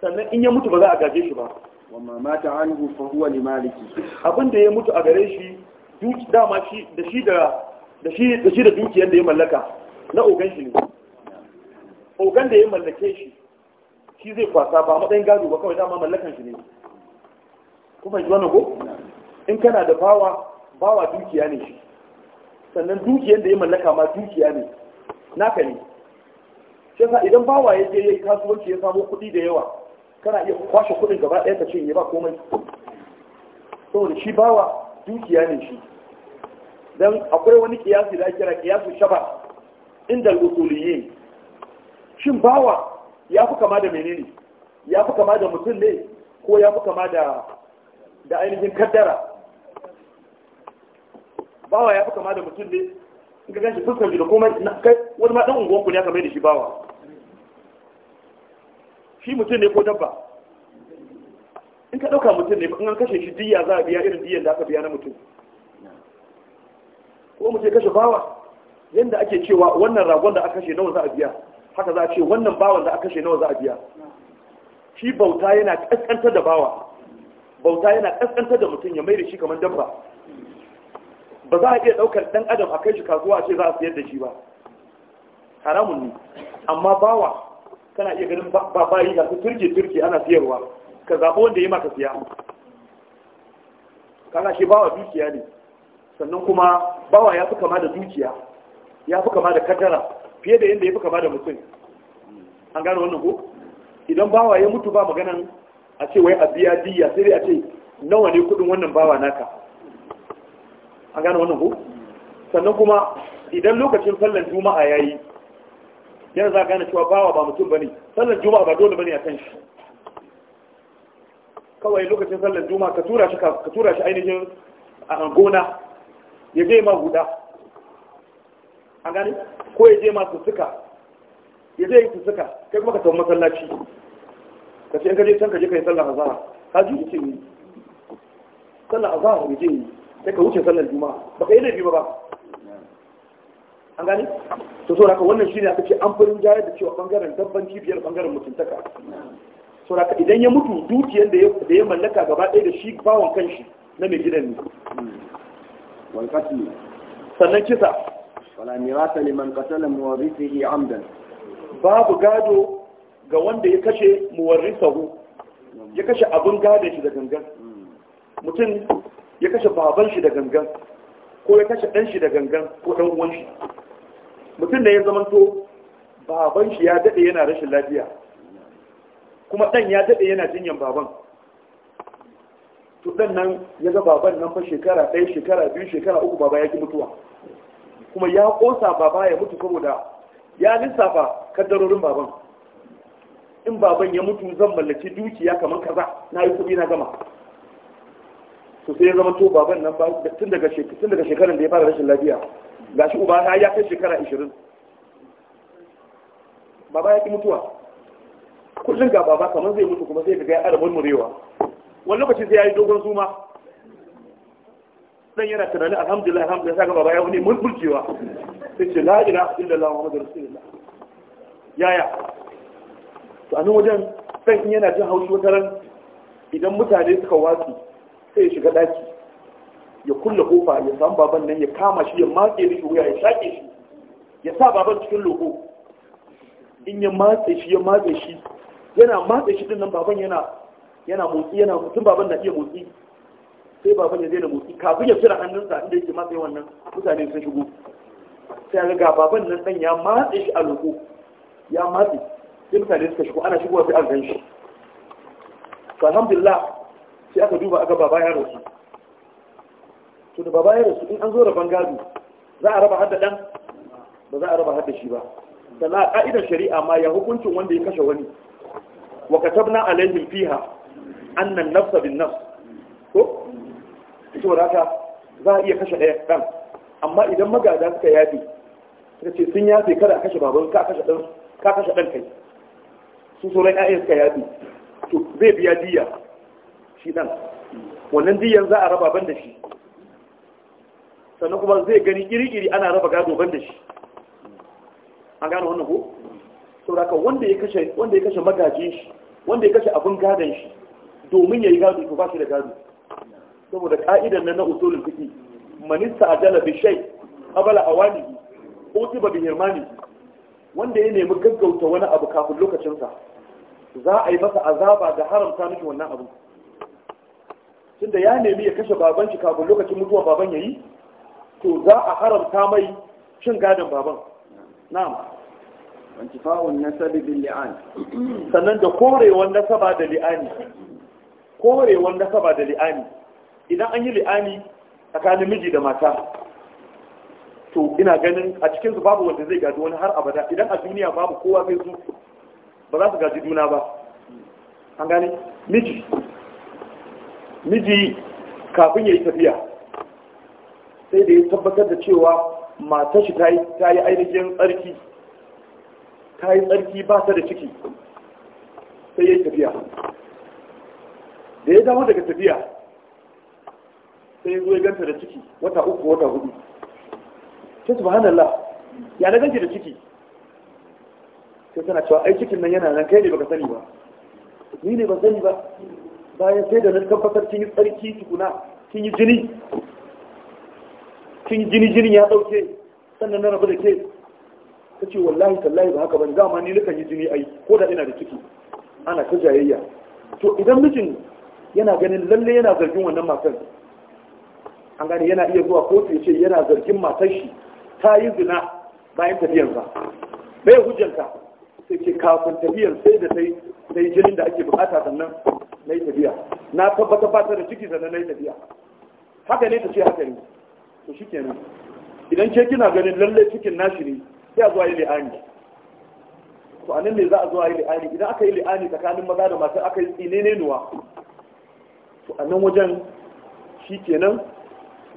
sannan in ya mutu ba za a gaje shi ba wamma mata anhu fa huwa li maliki abin da ya mutu a gare shi duki dama shi da shi da da shi da shi da dukiyar da ya mallaka na ogan shi ne ogan da ya mallake shi shi zai kwasa ba matsayin gado ba kawai dama mallakan shi ne kuma ji wannan ko in kana da bawa bawa dukiya ne shi sannan dukiyar da ya mallaka ma dukiya ne naka ne shi yasa idan bawa ya je yayi kasuwanci ya samo kuɗi da yawa kana iya kwashe kuɗin gaba ɗaya ka cinye ba komai saboda shi bawa dukiya ne shi dan akwai wani kiyasi da kira kiyasu shaba inda usuliyyin shin bawa ya fi kama da menene ya fi kama da mutum ne ko ya fi kama da da ainihin kaddara bawa ya fi kama da mutum ne in ka gashi fuskar da komai kai wani ma dan unguwan ku ne aka mai da shi bawa shi mutum ne ko dabba in ka dauka mutum ne in an kashe shi diya za a biya irin diyan da aka biya na mutum ko mu ce kashe bawa yanda ake cewa wannan ragon da aka kashe nawa za a biya haka za a ce wannan bawan da aka kashe nawa za a biya shi bauta yana kaskantar da bawa bauta yana kaskantar da mutum ya mai da shi kamar dabba ba za a iya daukar dan adam a kai shi kasuwa ce za a siyar da shi ba haramun ne amma bawa kana iya ganin ba bayi su turke turke ana siyarwa ka zaɓo wanda ya maka siya kana shi bawa dukiya ne sannan kuma bawa ya fi kama da dukiya ya fi kama da kadara fiye da yadda ya fi kama da mutum an gano wannan ko idan bawa ya mutu ba maganan a ce wai a biya diya sai dai a ce nawa ne kudin wannan bawa naka an gane wannan ko sannan kuma idan lokacin sallan juma'a ya yi, yana za a gane cewa bawa ba mutum ba ne, sallan juma'a ba dole ne a kan shi kawai lokacin sallan juma'a ka tura shi ainihin a gona ya je ma guda an gane ko ya je ma sussuka ya je yi sussuka kai kuma ka tafi masallaci ka ce in ka je can ka je ka yi sallan azhar ka ji ce sallan azhar ya je yi sai ka wuce sallar juma'a ba ka yi laifi ba ba an gani to so haka wannan shine aka ce an furin jayar da cewa bangaren dabban biyar bangaren mutuntaka so haka idan ya mutu dukiyar da ya mallaka gaba ɗaya da shi bawon kanshi na mai gidan ne wal sannan kisa wala mirasa liman qatala muwarrithihi amdan babu gado ga wanda ya kashe muwarrisahu ya kashe abun gadon shi da gangan hmm. mutum ya kashe baban shi da gangan ko ya kashe ɗan shi da gangan ko ɗan uwan shi mutum da ya zamanto baban shi ya daɗe yana rashin lafiya kuma ɗan ya daɗe yana jinyan baban to ɗan nan ya ga baban nan fa shekara ɗaya shekara biyu shekara uku baba ya ki mutuwa kuma ya ƙosa baba ya mutu saboda ya lissafa kaddarorin baban in baban ya mutu zan mallaki dukiya kamar kaza na yi kuɗi na gama to sai ya zama to baban nan ba tun daga tun daga shekaran da ya fara rashin lafiya gashi uba na ya kai shekara 20 baba ya ki mutuwa kullun ga baba kamar zai mutu kuma sai ka ga ya arabin murewa wani lokaci sai ya yi dogon zuma dan yana tunanin alhamdulillah alhamdulillah ga baba ya wuni mun mulkulcewa sai ce la ilaha illallah muhammadur rasulullah yaya to a nan wajen san yana jin haushi wataran idan mutane suka watsi sai ya shiga daki ya kulle kofa ya samu baban nan ya kama shi ya matse shi wuya ya shaƙe shi ya sa baban cikin loko in ya matse shi ya matse shi yana matse shi dinnan baban yana yana motsi yana mutum baban na iya motsi sai baban ya zai da motsi kafin ya cire hannunsa inda yake matse wannan mutane sun shigo sai ga baban nan dan ya matse shi a loko ya matse sai mutane suka shigo ana shigowa sai an gan shi alhamdulillah sai aka duba aka baba ya rasu to da baba ya rasu in an zo rabon gado za a raba har da dan? ba za a raba har da shi ba sannan a ƙa'idar shari'a ma ya hukuncin wanda ya kashe wani wa katabna alaihim fiha annan nafsa bin nafs ko ita wadata za a iya kashe ɗaya ɗan amma idan magada suka yafe suka ce sun yafe kada a kashe baban ka kashe dan ka kashe ɗan kai su sauran ƴaƴan suka yafe to zai biya diya shi nan wannan diyan za a raba ban da shi sannan kuma zai gani iri-iri ana raba gado ban da shi an gano wannan ko sauraka wanda ya kashe wanda ya kashe shi wanda ya kashe abun gadon shi domin ya yi gado to ba shi da gado saboda ka'idan nan na usulul fiqi manista ajala bi shay wani, ko utiba bi hirmani wanda ya nemi gaggauta wani abu kafin lokacinsa za a yi masa azaba da haramta miki wannan abu tunda ya nemi ya kashe baban shi kafin lokacin mutuwa baban ya yi to za a haramta mai cin gadon baban na'am wantifa'un nasabi bil li'an sannan da korewar nasaba da li'ani Korewar nasaba da li'ani idan an yi li'ani tsakanin miji da mata to ina ganin a cikin su babu wanda zai gaji wani har abada idan a duniya babu kowa zai zo, ba za su gaji juna ba an gane miji miji kafin ya yi tafiya sai da ya tabbatar da cewa matashi shi ta yi ainihin tsarki ta yi tsarki ba ta da ciki sai ya yi tafiya da ya dawo daga tafiya sai ya zo ya ganta da ciki wata uku wata hudu ta subhanallah ya na ganta da ciki sai tana cewa ai cikin nan yana nan kai ne baka sani ba ni ne ba sani ba bayan sai da na tabbatar kin yi tsarki tukuna kin yi jini kin yi jini jini ya dauke sannan na rabu da ke ta ce wallahi tallahi ba haka ban dama ni nukan yi jini ai ko da ina da ciki ana ta jayayya to idan mijin yana ganin lalle yana zargin wannan matan an gane yana iya zuwa ko ya ce yana zargin matan shi ta yi zina bayan tafiyarsa bai hujjanka sai ce kafin tafiyar sai da ta yi jinin da ake bukata sannan na yi tafiya na tabbata fata da ciki sannan na yi tafiya haka ne ta ce haka ne to shi kenan idan ke kina ganin lallai cikin nashi ne sai a zuwa yi li'ani to anan ne za a zuwa yi li'ani idan aka yi li'ani tsakanin maza da masu aka yi tsine ne nuwa to anan wajen shi kenan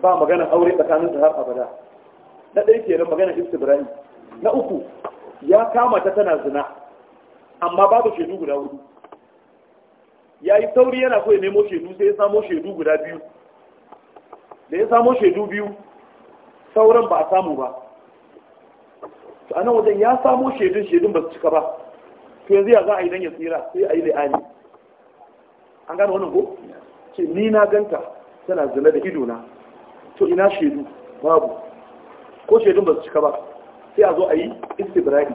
ba magana aure tsakanin su har abada na ɗaya kenan magana Ibrahim na uku ya kama ta tana zina amma babu shaidu guda hudu ya yi sauri yana so ya nemo shaidu sai ya samo shaidu guda biyu da ya samo shaidu biyu sauran ba a samu ba to nan wajen ya samo shaidun shaidun ba su cika ba to yanzu ya za a yi nan ya tsira sai a yi la'ani an gano wannan ko ce ni na ganta tana zina da ido na to ina shaidu babu ko shaidun ba su cika ba sai a zo a yi istibirai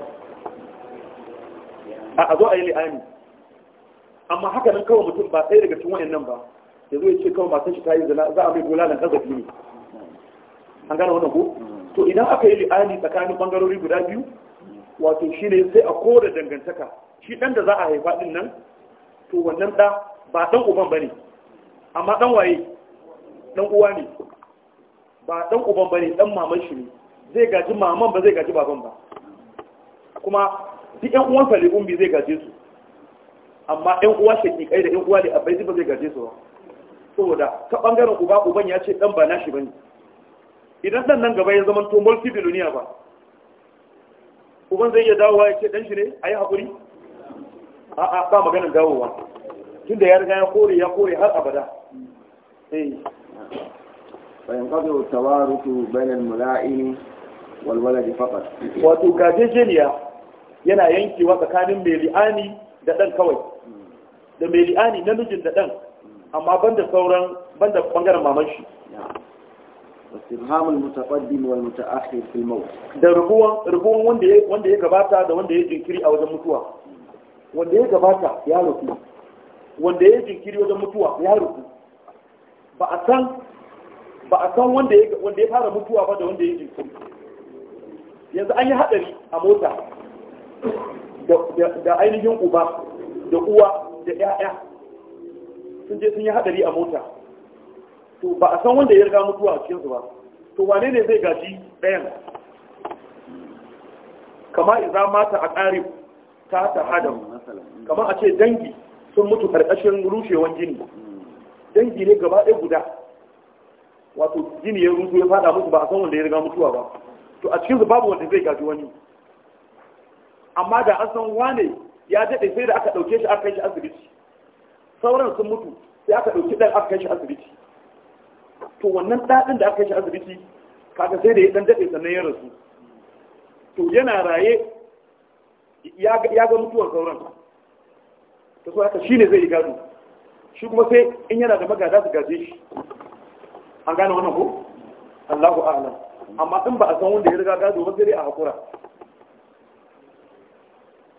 a zo a yi la'ani amma haka nan kawai mutum ba ɗaya daga cikin nan ba ya zo ya ce kawai matan shi ta yi zina za a mai nan kazafi ne an gane wannan ko to idan aka yi li'ani tsakanin bangarori guda biyu wato shine sai a kore dangantaka shi dan da za a haifa din nan to wannan da ba dan uban bane amma dan waye dan uwa ne ba dan uban bane dan maman shi ne zai gaji maman ba zai gaji baban ba kuma duk ƴan uwansa le'umbi zai gaje su amma ɗan uwa shakikai da ɗan uwa ne abai ba zai gaje su ba saboda ta ɓangaren uba uban ya ce ɗan ba nashi ba ne idan ɗan nan gaba ya zama to multi biloniya ba uban zai iya dawowa ya ce ɗan shi ne a yi haƙuri a a ba maganin dawowa tunda ya riga ya kore ya kore har abada bayan kazo tawarutu bainal mula'ini wal waladi faqat wato gajejeniya yana yankewa tsakanin mai li'ani da ɗan kawai da mai li'ani na namijin da ɗan amma ban da sauran ban da maman shi واستبهام المتقدم والمتأخر في الموت da rubuwan wanda ya wanda ya gabata da wanda ya jinkiri a wajen mutuwa wanda ya gabata ya rubu wanda ya jinkiri wajen mutuwa ya rubu ba a san ba a san wanda ya fara mutuwa ba da wanda ya jinkiri yanzu an yi haɗari a mota da ainihin uba da uwa da 'ya'ya sun je sun yi hadari a mota to ba a san wanda ya riga mutuwa a cikinsu ba to wane ne zai gaji ɗayan kama iza mata a ƙari ta ta hadam kama a ce dangi sun mutu karkashin rushewan gini dangi ne gaba ɗaya guda wato gini ya rushe ya fada musu ba a san wanda ya riga mutuwa ba to a cikinsu babu wanda zai gaji wani amma da an san wane ya daɗe sai da aka ɗauke shi aka kai shi asibiti sauran sun mutu sai aka ɗauki ɗan aka kai shi asibiti to wannan ɗaɗin da aka kai shi asibiti kaga sai da ya ɗan daɗe sannan ya rasu to yana raye ya ga mutuwar sauran ta so haka shine zai yi gado shi kuma sai in yana da magada su gaje shi an gane wannan ko Allahu a'lam amma in ba a san wanda ya riga gado ba sai dai a hakura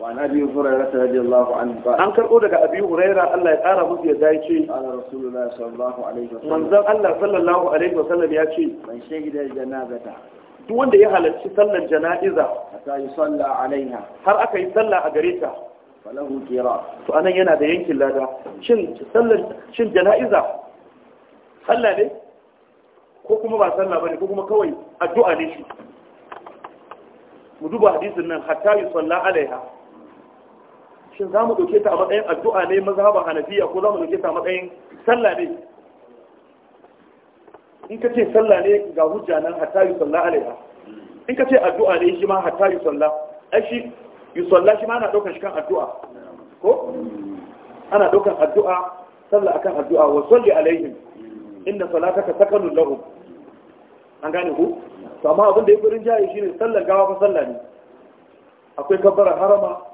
وعن ابي هريره رضي الله عنه قال ان كربو daga abi huraira Allah ya kara musu ya yadda yace ala rasulullahi sallallahu alaihi wasallam manzon Allah sallallahu alaihi wasallam ya ce man shahida janazata duk wanda ya halarci sallar jana'iza ta yi salla alaiha har aka yi salla a gare ta falahu kira to anan yana da yankin lada shin sallar shin jana'iza salla ne ko kuma ba salla bane ko kuma kawai addu'a ne shi mu duba hadisin nan hatta yi salla alaiha shin za mu ɗauke ta a matsayin addu'a ne mazhaban hanafiya ko za mu ɗauke ta a matsayin sallah ne in ka ce sallah ne ga hujja nan hatta yi salla alaiha in ka ce addu'a ne shi ma hatta yi salla ai shi yi salla shi ma ana ɗaukar shi kan addu'a ko ana ɗaukar addu'a sallah akan addu'a wa salli alaihim inda salataka sakanun lahum an gane ku to amma abin da ya furin jaye shine sallar gawa fa sallah ne akwai kabbara harama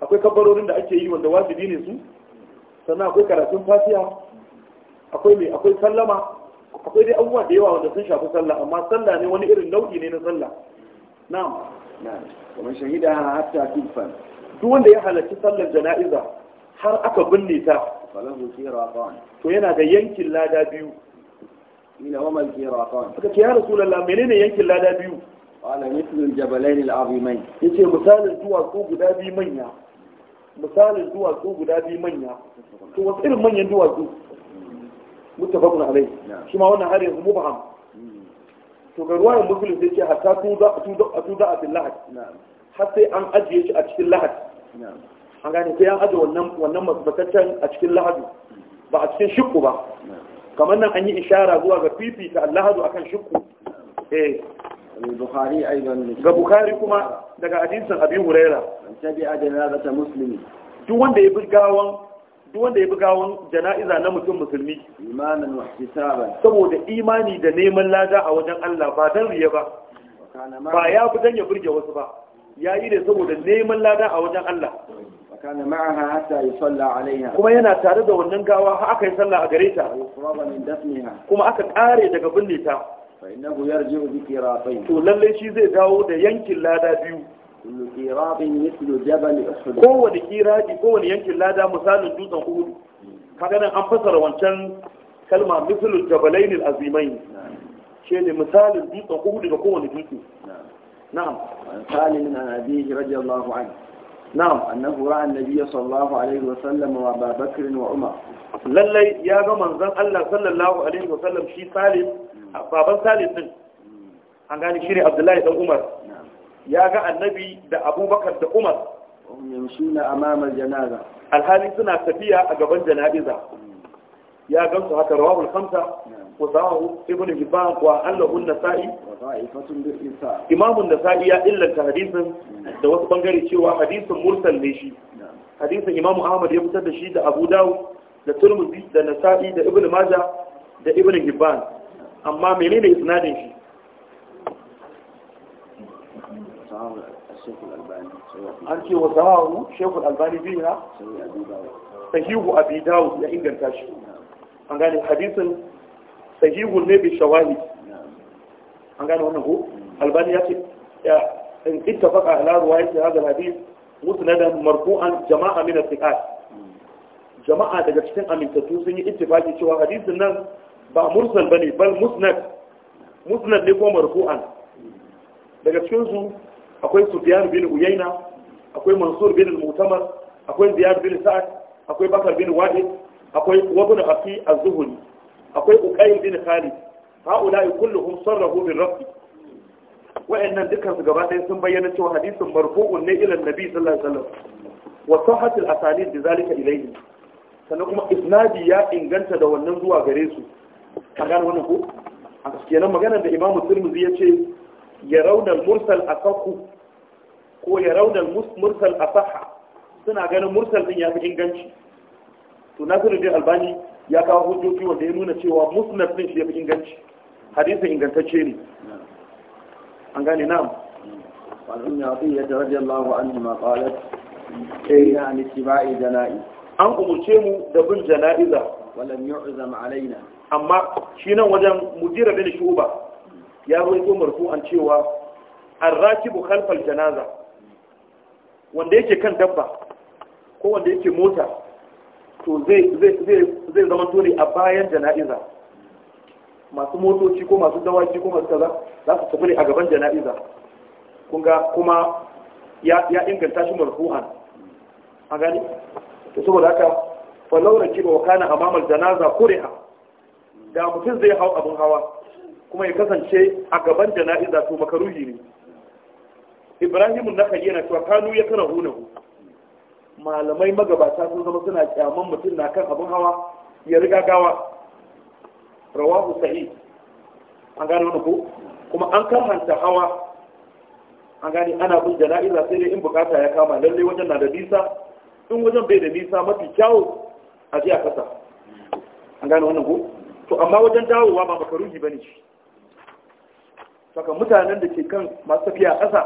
akwai kabbarorin da ake yi wanda wajibi ne su sannan akwai karatun fasiya akwai mai akwai sallama akwai dai abubuwa da yawa wanda sun shafi sallah amma sallah ne wani irin nau'i ne na sallah na'am na'am kamar shahida hatta tufan duk wanda ya halarci sallar jana'iza har aka binne ta falahu qiratan to yana da yankin lada biyu ila wa mal qiratan suka ce ya rasulullah menene yankin lada biyu qala mithlu al-jabalayn al-azimayn yace misalin su guda biyu manya misalin duwatsu guda biyu manya to wasu irin manyan duwatsu muttafaqun alai shi ma wannan har yanzu mubham to ga ruwayan musulun sai ce hatta tu za tu da tu har sai an ajiye shi a cikin lahad an gane sai an ajiye wannan wannan masbataccen a cikin lahadu ba a cikin shukku ba kamar nan an yi ishara zuwa ga fifita allahadu akan shukku البخاري أيضا البخاري كما دقا حديث أبي من تبع مسلم duk wanda ya bi gawan jana'iza na mutum musulmi saboda imani da neman lada a wajen Allah ba dan riya ba ba ya fi dan burge wasu ba yayi ne saboda neman lada a wajen Allah kuma yana tare da wannan gawa har aka yi sallah a gare ta kuma aka kare daga binne ta فإنه يرجع بكرافين ولن ليش زي داو ده ينكي لادا بيو كل كراف مثل جبل أحد كون كرافي كون ينكي لادا مثال دوتا أحد كان أنفسر وانشان كلمة مثل الجبلين العظيمين شيء مثال دوتا أحد كون دوتا نعم قال من أبيه رضي الله عنه نعم أنه رأى النبي صلى الله عليه وسلم وأبا بكر وعمر للي يا من زن الله صلى الله عليه وسلم شيء ثالث baban salim din an gane shi ne abdullahi dan umar ya ga annabi da abubakar da umar yamshuna amama janaza alhali suna tafiya a gaban jana'iza ya gamsu haka rawahu khamsa wa sahahu ibnu hibban wa allahu an-nasa'i Imamun nasai ya illanta hadisin da wasu bangare cewa hadisin mursal ne shi hadisin imam ahmad ya fitar da shi da abu dawud da turmuzi da nasa'i da ibnu majah da ibnu hibban amma menene isnadin shi an ce wa sahahu shekul albani biyu na sahihu abi dawud ya inganta shi an gane hadisin sahihu ne bi shawahi an gane wannan ko albani ya ce in ittafaqa ala ruwayati hadha alhadith musnadan marfu'an jama'a min athiqat jama'a daga cikin amintattu sun yi ittifaki cewa hadisin nan ba mursal bane bal musnad musnad ne ko marfu'an daga cikin su akwai sufyan bin Uyaina, akwai mansur bin mutamar akwai ziyad bin sa'ad akwai bakar bin wa'id akwai wabun afi az-zuhri akwai uqayl bin khalid ha'ula'i kulluhum sarrahu bil rafi wa'annan dukkan su gaba ɗaya sun bayyana cewa hadisin marfu'un ne ila nabi sallallahu alaihi wasallam wa sahhatul asanid bi zalika ilayhi sannan kuma isnadi ya inganta da wannan zuwa gare su ka gane wannan ko a kenan maganar da imamu turmuzi ya ce ya raunar mursal a sakku ko ya raunar mursal a saha suna ganin mursal din ya fi inganci to nasiruddin albani ya kawo hujjoji wanda ya nuna cewa musnad din shi ya fi inganci hadisin ingantacce ne an gane na'am ya fi yadda, radiyallahu الله عنهما قالت كينا عن اتباع jana'i. an umurce mu da bin jana'iza walam yu'zam alaina amma shi nan wajen mujira bin shuba ya marfu an cewa arrakibu khalfal janaza wanda yake kan dabba ko wanda yake mota to zai zai zai zama dole a bayan jana'iza masu motoci ko masu dawaki ko masu kaza za su tafi ne a gaban jana'iza kunga kuma ya inganta shi marfu'an a gani to saboda haka falau rakiba wa kana amamal janaza kuri'a da mutum zai hau abin hawa kuma ya kasance a gaban jana'iza to makaruhi ne ibrahimun na yana cewa kanu ya kana hunahu malamai magabata sun zama suna kyaman mutum na kan abin hawa ya riga gawa rawahu sahi an gane wani ko kuma an karanta hawa an gane ana bin jana'iza sai dai in bukata ya kama lalle wajen na da nisa in wajen bai da nisa mafi kyawu a ji a kasa an gane wannan ko to amma wajen dawowa ba makaruhi bane shi saka mutanen da ke kan masu tafiya ƙasa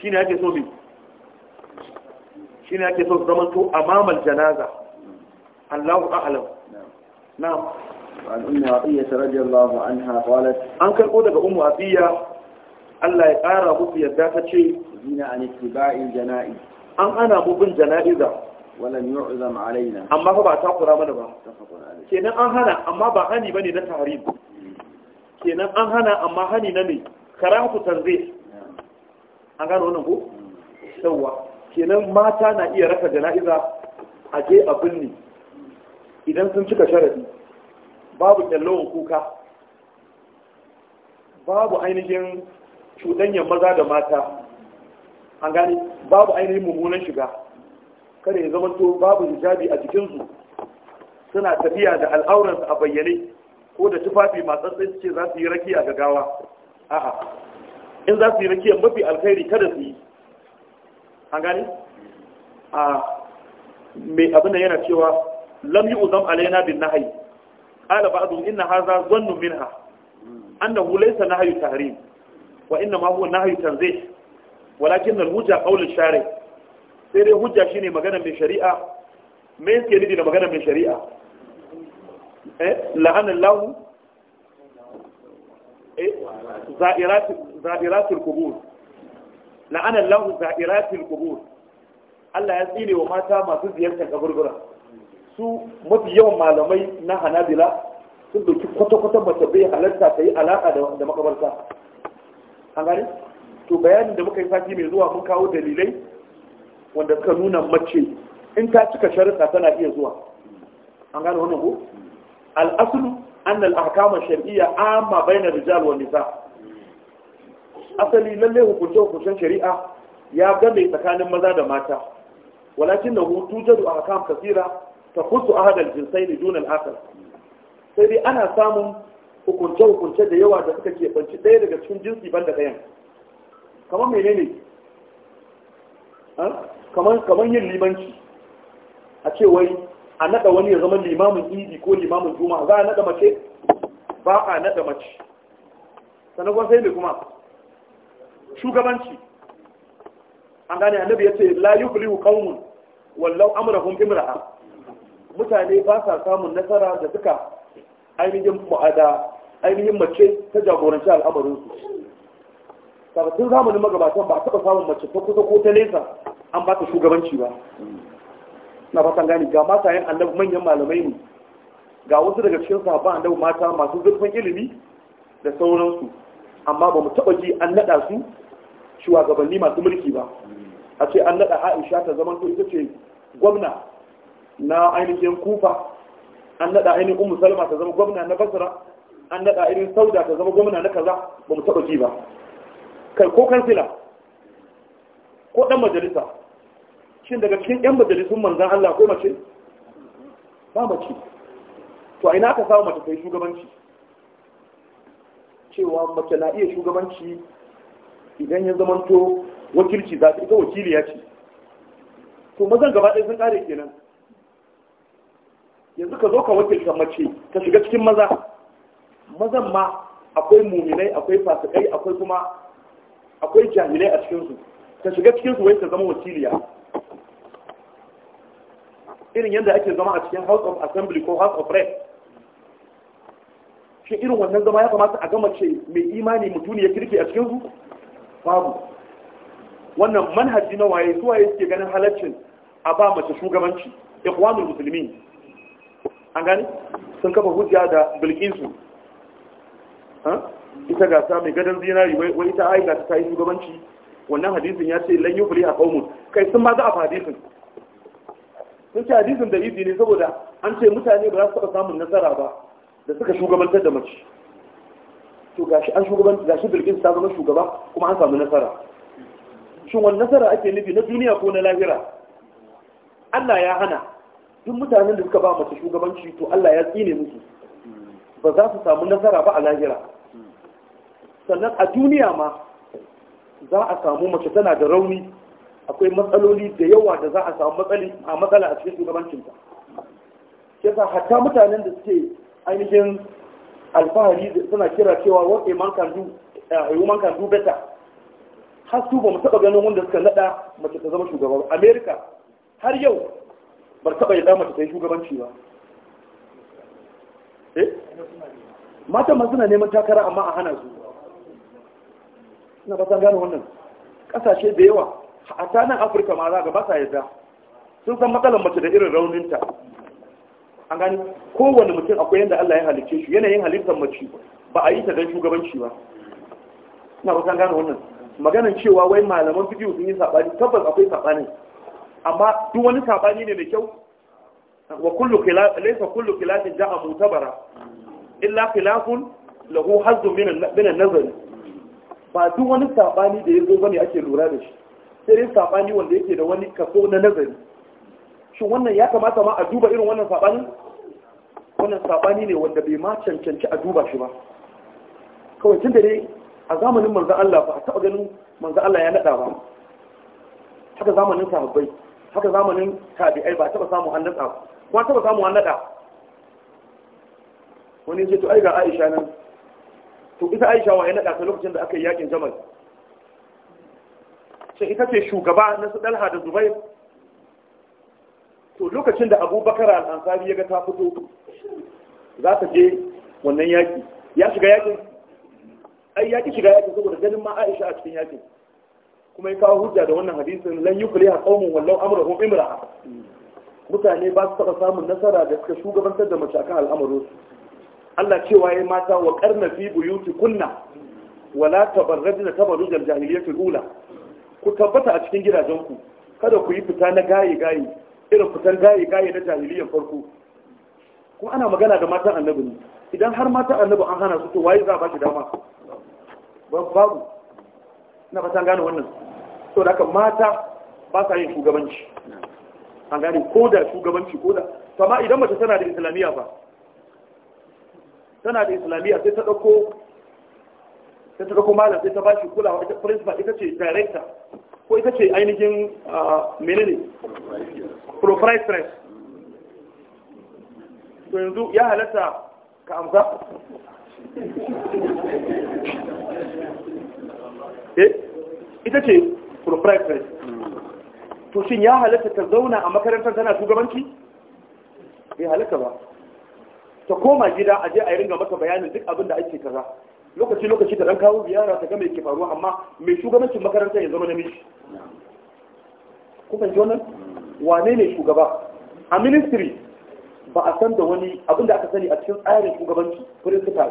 shine ake so bi shine ake so su zama to amamal janaza Allahu a'lam na'am an ummu atiyya radiyallahu anha qalat an karbo daga ummu atiyya Allah ya ƙara musu yadda ta ce zina an ittiba'il jana'i an ana mu bin jana'iza walan yu'zam alaina amma fa ba takura mana ba kenan an hana amma ba hani bane na tahrim hmm. kenan an hana amma hani na ne karahatu tanzih an gano wannan ko hmm. yawa kenan mata na iya raka jana'iza a je a binne idan sun cika sharadi babu kyallon kuka babu ainihin cuɗanyar maza da mata an gane babu ainihin mummunan shiga kada ya zama to babu hijabi a jikinsu suna tafiya da al'auransu a bayyane ko da tufafi masu tsantsan ce za su yi rakiya ga gawa a'a in za su yi rakiya mafi alkhairi kada su yi an gane a mai abin da yana cewa lam yi uzam alaina bin nahayi qala ba'du inna hadha dhannu minha annahu laysa nahyu tahrim wa ma huwa nahyu tanzih walakin al wujha qawl al-shari' sai dai hujja shine magana mai shari'a me yake nufi da magana mai shari'a eh la'anan lahu eh za'iratul qubur la'anan lahu za'iratul qubur Allah ya tsine wa mata masu ziyartar kaburbura su mafi yawan malamai na hanabila sun doki kwata-kwata mace bai halarta ta yi alaƙa da makabarta an gani to bayanin da muka yi sati mai zuwa mun kawo dalilai wanda suka nuna mace in ta cika sharuɗa tana iya zuwa an gane wannan ko al'asulu an al'akama shari'a amma bai rijal wa nisa asali lalle hukunce hukuncen shari'a ya game tsakanin maza da mata walakin da hutu jadu a hakam kasira ta kusu ahadar jinsai ne dunan akal sai dai ana samun hukunce hukunce da yawa da suka ke banci ɗaya daga cikin jinsi ban da ɗayan kamar menene kamar yin limanci a ce wai a nada wani ya zama limamin idi ko limamin juma za a nada mace ba a nada mace sanarwar sai mai kuma shugabanci an gane annabi ya ce la yuflihu wallau amrahum imra'a mutane ba sa samun nasara da suka ainihin ma'ada ainihin mace ta jagoranci al'amarinsu tun zamanin magabatan ba a taɓa samun mace ta kusa ko ta nesa an ba ta shugabanci ba na fatan gani ga yin annabi manyan malamai ne ga wasu daga cikin sahabba annabi mata masu zurfin ilimi da sauransu amma ba mu taɓa ji an naɗa su shugabanni masu mulki ba a ce an naɗa aisha ta zaman to ita ce gwamna na ainihin kufa an naɗa ainihin umu salma ta zama gwamna na basra an naɗa irin sauda ta zama gwamna na kaza ba mu taɓa ji ba kai ko kansila ko ɗan majalisa shin daga cikin yan majalisun manzan Allah ko mace ba mace to a ina aka samu mace kai shugabanci cewa mace na iya shugabanci idan ya zamanto wakilci za ta ita wakiliya ce to mazan gaba ɗaya sun ƙare kenan yanzu ka zo ka wakilta mace ka shiga cikin maza mazan ma akwai muminai akwai fasikai akwai kuma akwai jahilai a cikinsu ka shiga cikinsu wai ka zama wakiliya irin yadda ake zama a cikin house of assembly ko house of rest shi irin wannan zama ya kamata a gama ce mai imani mutum ya kirke a cikin su babu wannan manhaji na waye su waye suke ganin halaccin a ba mace shugabanci mai musulmi an gani sun kafa hujja da bilkinsu ita gasa mai gadon zinari wai ita ai ta yi shugabanci wannan hadisin ya ce lan yufli a qaumun kai sun ma za a hadisin sun ce hadisin da izi ne saboda an ce mutane ba za su taɓa samun nasara ba da suka shugabantar da mace to gashi an shugabantar gashi bilkis ta zama shugaba kuma an samu nasara shin wani nasara ake nufi na duniya ko na lahira Allah ya hana duk mutanen da suka ba mace shugabanci to Allah ya tsine musu ba za su samu nasara ba a lahira sannan a duniya ma za a samu mace tana da rauni akwai matsaloli da yawa da za a samu matsali a matsala a cikin shugabancinta sa hatta mutanen da suke ainihin alfahari suna kira cewa what man can do eh, har su ba mu taba ganin wanda suka nada mace ta zama shugaba Amerika har yau ba taba yadda mace ta yi shugabanci ba eh? mata masu suna neman takara amma a hana su ina ba san gane wannan kasashe da yawa a ta afirka ma za ga ba sa yadda sun san matsalar mace da irin rauninta an gani kowane mutum akwai yadda Allah ya halicce shi yanayin halittar mace ba a yi ta don shugabanci ba ina ba gane wannan Maganin cewa wai malaman bidiyo sun yi sabani tabbas akwai sabani amma duk wani sabani ne mai kyau wa kullu khilaf laysa kullu khilafin ja'a mutabara illa khilafun lahu hazzun min min nazari ba duk wani sabani da yazo bane ake lura da shi sai dai sabani wanda yake da wani kaso na nazari shin wannan ya kamata ma a duba irin wannan sabani wannan sabani ne wanda bai ma cancanci a duba shi ba kawai tun da dai a zamanin manzo Allah ba a taɓa ganin manzo Allah ya nada ba haka zamanin sahabbai haka zamanin tabi'ai ba taɓa samu an nada ba taɓa samu an nada wani ce to ai ga Aisha nan to ita Aisha wa ya nada ta lokacin da aka yi yakin Jamal sai ita ce shugaba na su dalha da zubair to lokacin da abubakar al'ansari ya ga ta fito za ta je wannan yaƙi. ya shiga yaƙin? ai yaki shiga yaƙin saboda ganin ma aisha a cikin yaƙin. kuma ya kawo hujja da wannan hadisin lan a qaumun wallau amrahum imra'a mutane ba su taɓa samun nasara da suka shugabantar da mace akan al'amuransu. Allah cewa ya mata wa karna fi buyuti kunna wala tabarrajna tabarrujal jahiliyyati ula ku tabbata a cikin gidajenku kada ku yi fita na gaye-gaye irin fitan gaye-gaye na jahiliyar farko kuma ana magana da matan annabi ne idan har matan annabi an hana su to waye za a ba shi dama babu na san gane wannan to da haka mata ba sa yin shugabanci an gane ko da shugabanci ko da amma idan mace tana da islamiyya ba tana da islamiyya sai ta ɗauko sai ta dauko malam sai ta bashi kulawa ita principal ita ce director ko ita ce ainihin menene proprietress to yanzu ya halatta ka amsa [laughs] eh, ita ce proprietress to shin ya halatta ta zauna a makarantar tana shugabanci bai halatta ba ta koma gida a je a yi ringa mata bayanin duk abin da ake kaza lokaci lokaci da ran kawo ziyara ta ga mai ke faruwa amma mai shugabancin makaranta ya zama namiji kuma fahimci wane ne shugaba a ministry ba a san da wani abin da aka sani a cikin tsarin shugabanci principal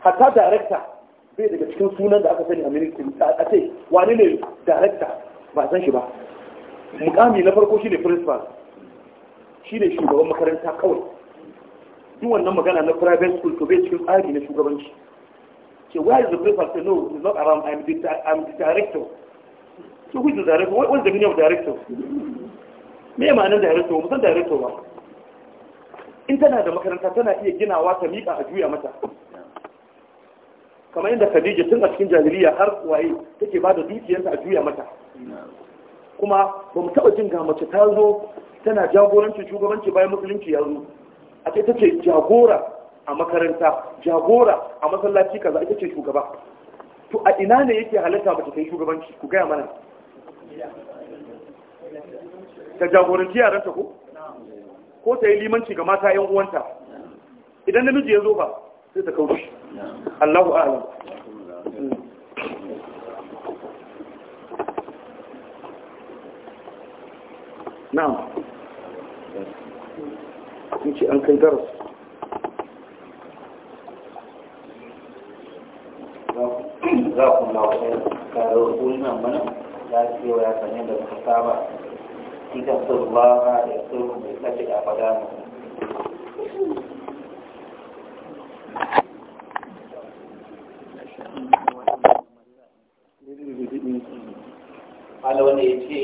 hatta director bai daga cikin sunan da aka sani a ministry a ce wane ne director ba a san shi ba mukami na farko shine principal shine shugaban makaranta kawai duk wannan magana na private school to bai cikin tsari na shugabanci So where is the place? of the no, it's not around. I'm the, I'm the director. So who is the director? What, what is the meaning of director? Me ma nan director, mu san director ba. In tana da makaranta tana iya ginawa ta miƙa a juya mata. Kamar yadda Khadija tun a cikin jahiliya har waye take ba da dukiyarta a juya mata. Kuma ba mu taɓa jin ga mace ta zo tana jagoranci shugabanci bayan musulunci ya zo. A ce take jagora a makaranta jagora a masallaci kaza ita ce shugaba to a ina ne yake halatta mace ta yi shugabanci ku gaya mana ta jagoranci yaranta ko ko ta yi limanci ga mata yan uwanta idan namiji ya zo ba sai ta kauce Allahu a'lam na'am in ce an kai darasi za ku lafiya tare wannan mana yi ya sanye da suka saba ita ba da sulhu mai tsaye a fada ala wanda ya ce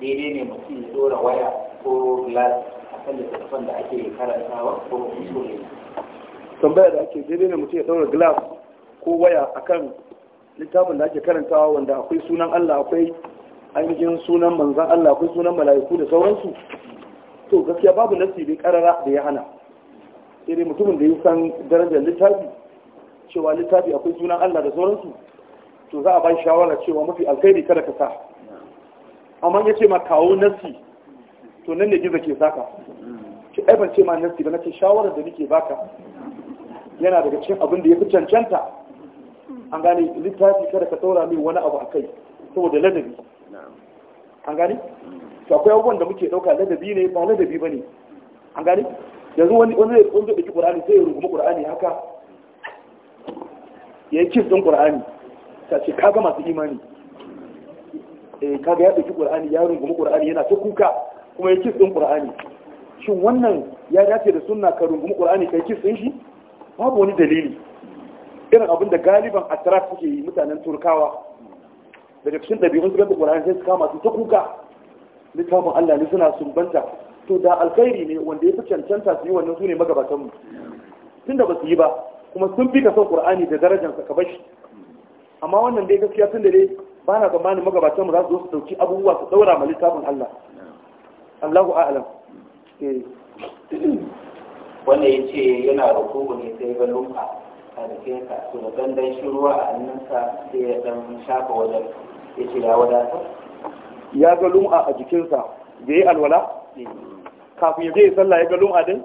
daidai ne mutum ya dora waya ko glass a kan littattafan da ake karantawa ko kuma tambaya da ake daidai ne mutum ya dora glass ko waya akan littafin da ake karantawa wanda akwai sunan Allah akwai ainihin sunan manzan Allah akwai sunan mala'iku da sauransu to gaskiya babu nasi bai karara da ya hana sai mutumin da ya san darajar littafi cewa littafi akwai sunan Allah da sauransu to za a ba shawara cewa mafi alkhairi kada ka sa amma ya ce ma kawo nasi to nan ne gizo ke saka ki ai ban ce ma nasi ba nace shawara da nake baka yana daga cikin abin da ya fi cancanta an gane littafi kada ka saura min wani abu a kai saboda ladabi an gane to akwai abubuwan da muke dauka ladabi ne ba ladabi bane an gane yanzu wani wani zai ɗauki da qur'ani sai ya rungumi qur'ani haka ya yi kif din qur'ani ta ce kaga masu imani eh kaga ya dauki qur'ani ya rungumi qur'ani yana ta kuka kuma ya kif din qur'ani shin wannan ya dace da sunna ka rungumi qur'ani kai kif din shi babu wani dalili irin abin da galiban atraf suke yi mutanen turkawa daga cikin ɗabi'un su ga ƙur'ani sai su kama su ta kuka littafin Allah ne suna sumbanta to da alkhairi ne wanda ya fi cancanta su yi wannan su ne magabatanmu tunda ba su yi ba kuma sun fi ka son qur'ani da sa ka shi amma wannan dai gaskiya tun da dai ba na tsammanin magabatanmu za su zo su ɗauki abubuwa su daura ma littafin Allah Allahu a'alam. Eh. Wannan ya ce yana rukuku ne sai ga lumfa a ka to da gandan shi ruwa a hannunsa sai ya dan shafa wajen ya ce ya wadatar ya ga lum'a a jikinsa da ya alwala kafin ya je ya sallah ya ga lum'a din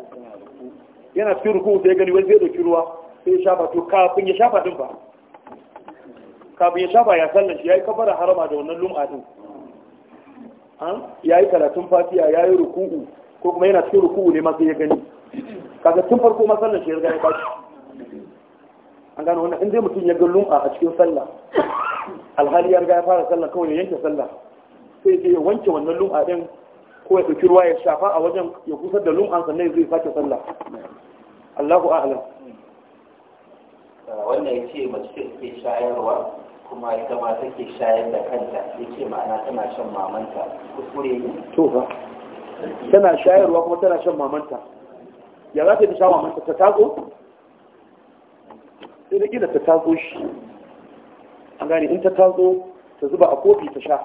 yana cikin ruku sai gani wani zai dauki ruwa sai ya shafa to kafin ya shafa din ba kafin ya shafa ya sallan shi ya yi kabara harama da wannan lum'a din ya yi karatun fatiya ya yi ruku'u ko kuma yana cikin ruku'u ne masu ya gani kaga tun farko sallan shi ya riga ya bashi an gano wannan in dai mutum ya ga lum'a a cikin sallah alhali ya riga ya fara sallah kawai ya yanke sallah sai ya wanke wannan lum'a din ko ya ɗauki ruwa ya shafa a wajen ya kusar da lum'an sannan zai sake sallah Allahu a'lam wannan ya ce mace ce shayarwa kuma ya ma take shayar da kanta ya ce ma'ana tana shan mamanta kuskure ne to fa tana shayarwa kuma tana shan mamanta ya za ta sha mamanta ta tako sai da gina ta tatso shi an gane in ta tatso ta zuba a kofi ta sha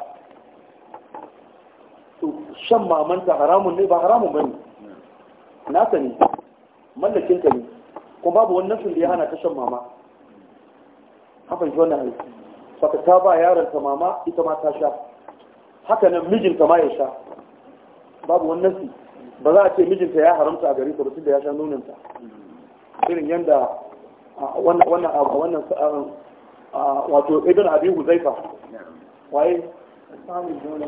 to shan mamanta haramun ne ba haramun bane nasa ne mallakin ta ne kuma babu wannan sun da ya hana ta shan mama haka shi wannan halittu saka ta ba yaron ta mama ita ma ta sha haka nan mijinta ma ya sha babu wannan su ba za a ce mijinta ya haramta a gare ta ba tunda ya sha nunanta. irin yadda wannan wannan abu wannan wato ibn abi huzaifa waye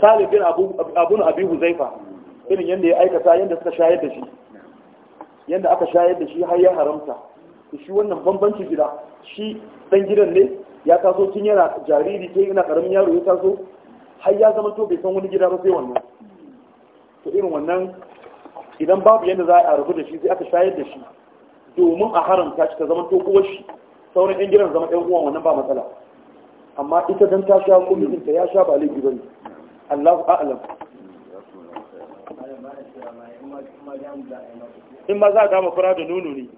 Salim bin abu abun abi huzaifa irin yanda ya aikata yanda suka shayar da shi yanda aka shayar da shi har ya haramta shi wannan banbanci gida shi dan gidan ne ya taso tun yana jariri ke yana karamin yaro ya taso har ya zama to bai san wani gida ba sai wannan to irin wannan idan babu yadda za a rabu da shi sai aka shayar da shi domin a haramta shi ta zama to kuwa shi sauran yan gidan zama yan uwan wannan ba matsala amma ita dan ta sha ko ta ya sha ba laifi bane Allahu a'lam in ma za a gama fara da nono ne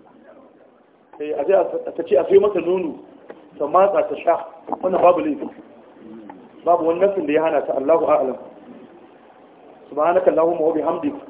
sai eh, a ta ce a sai mata nono ta matsa ta sha wannan babu laifi babu wani nasin da ya hana ta Allahu a'lam subhanakallahumma wa bihamdika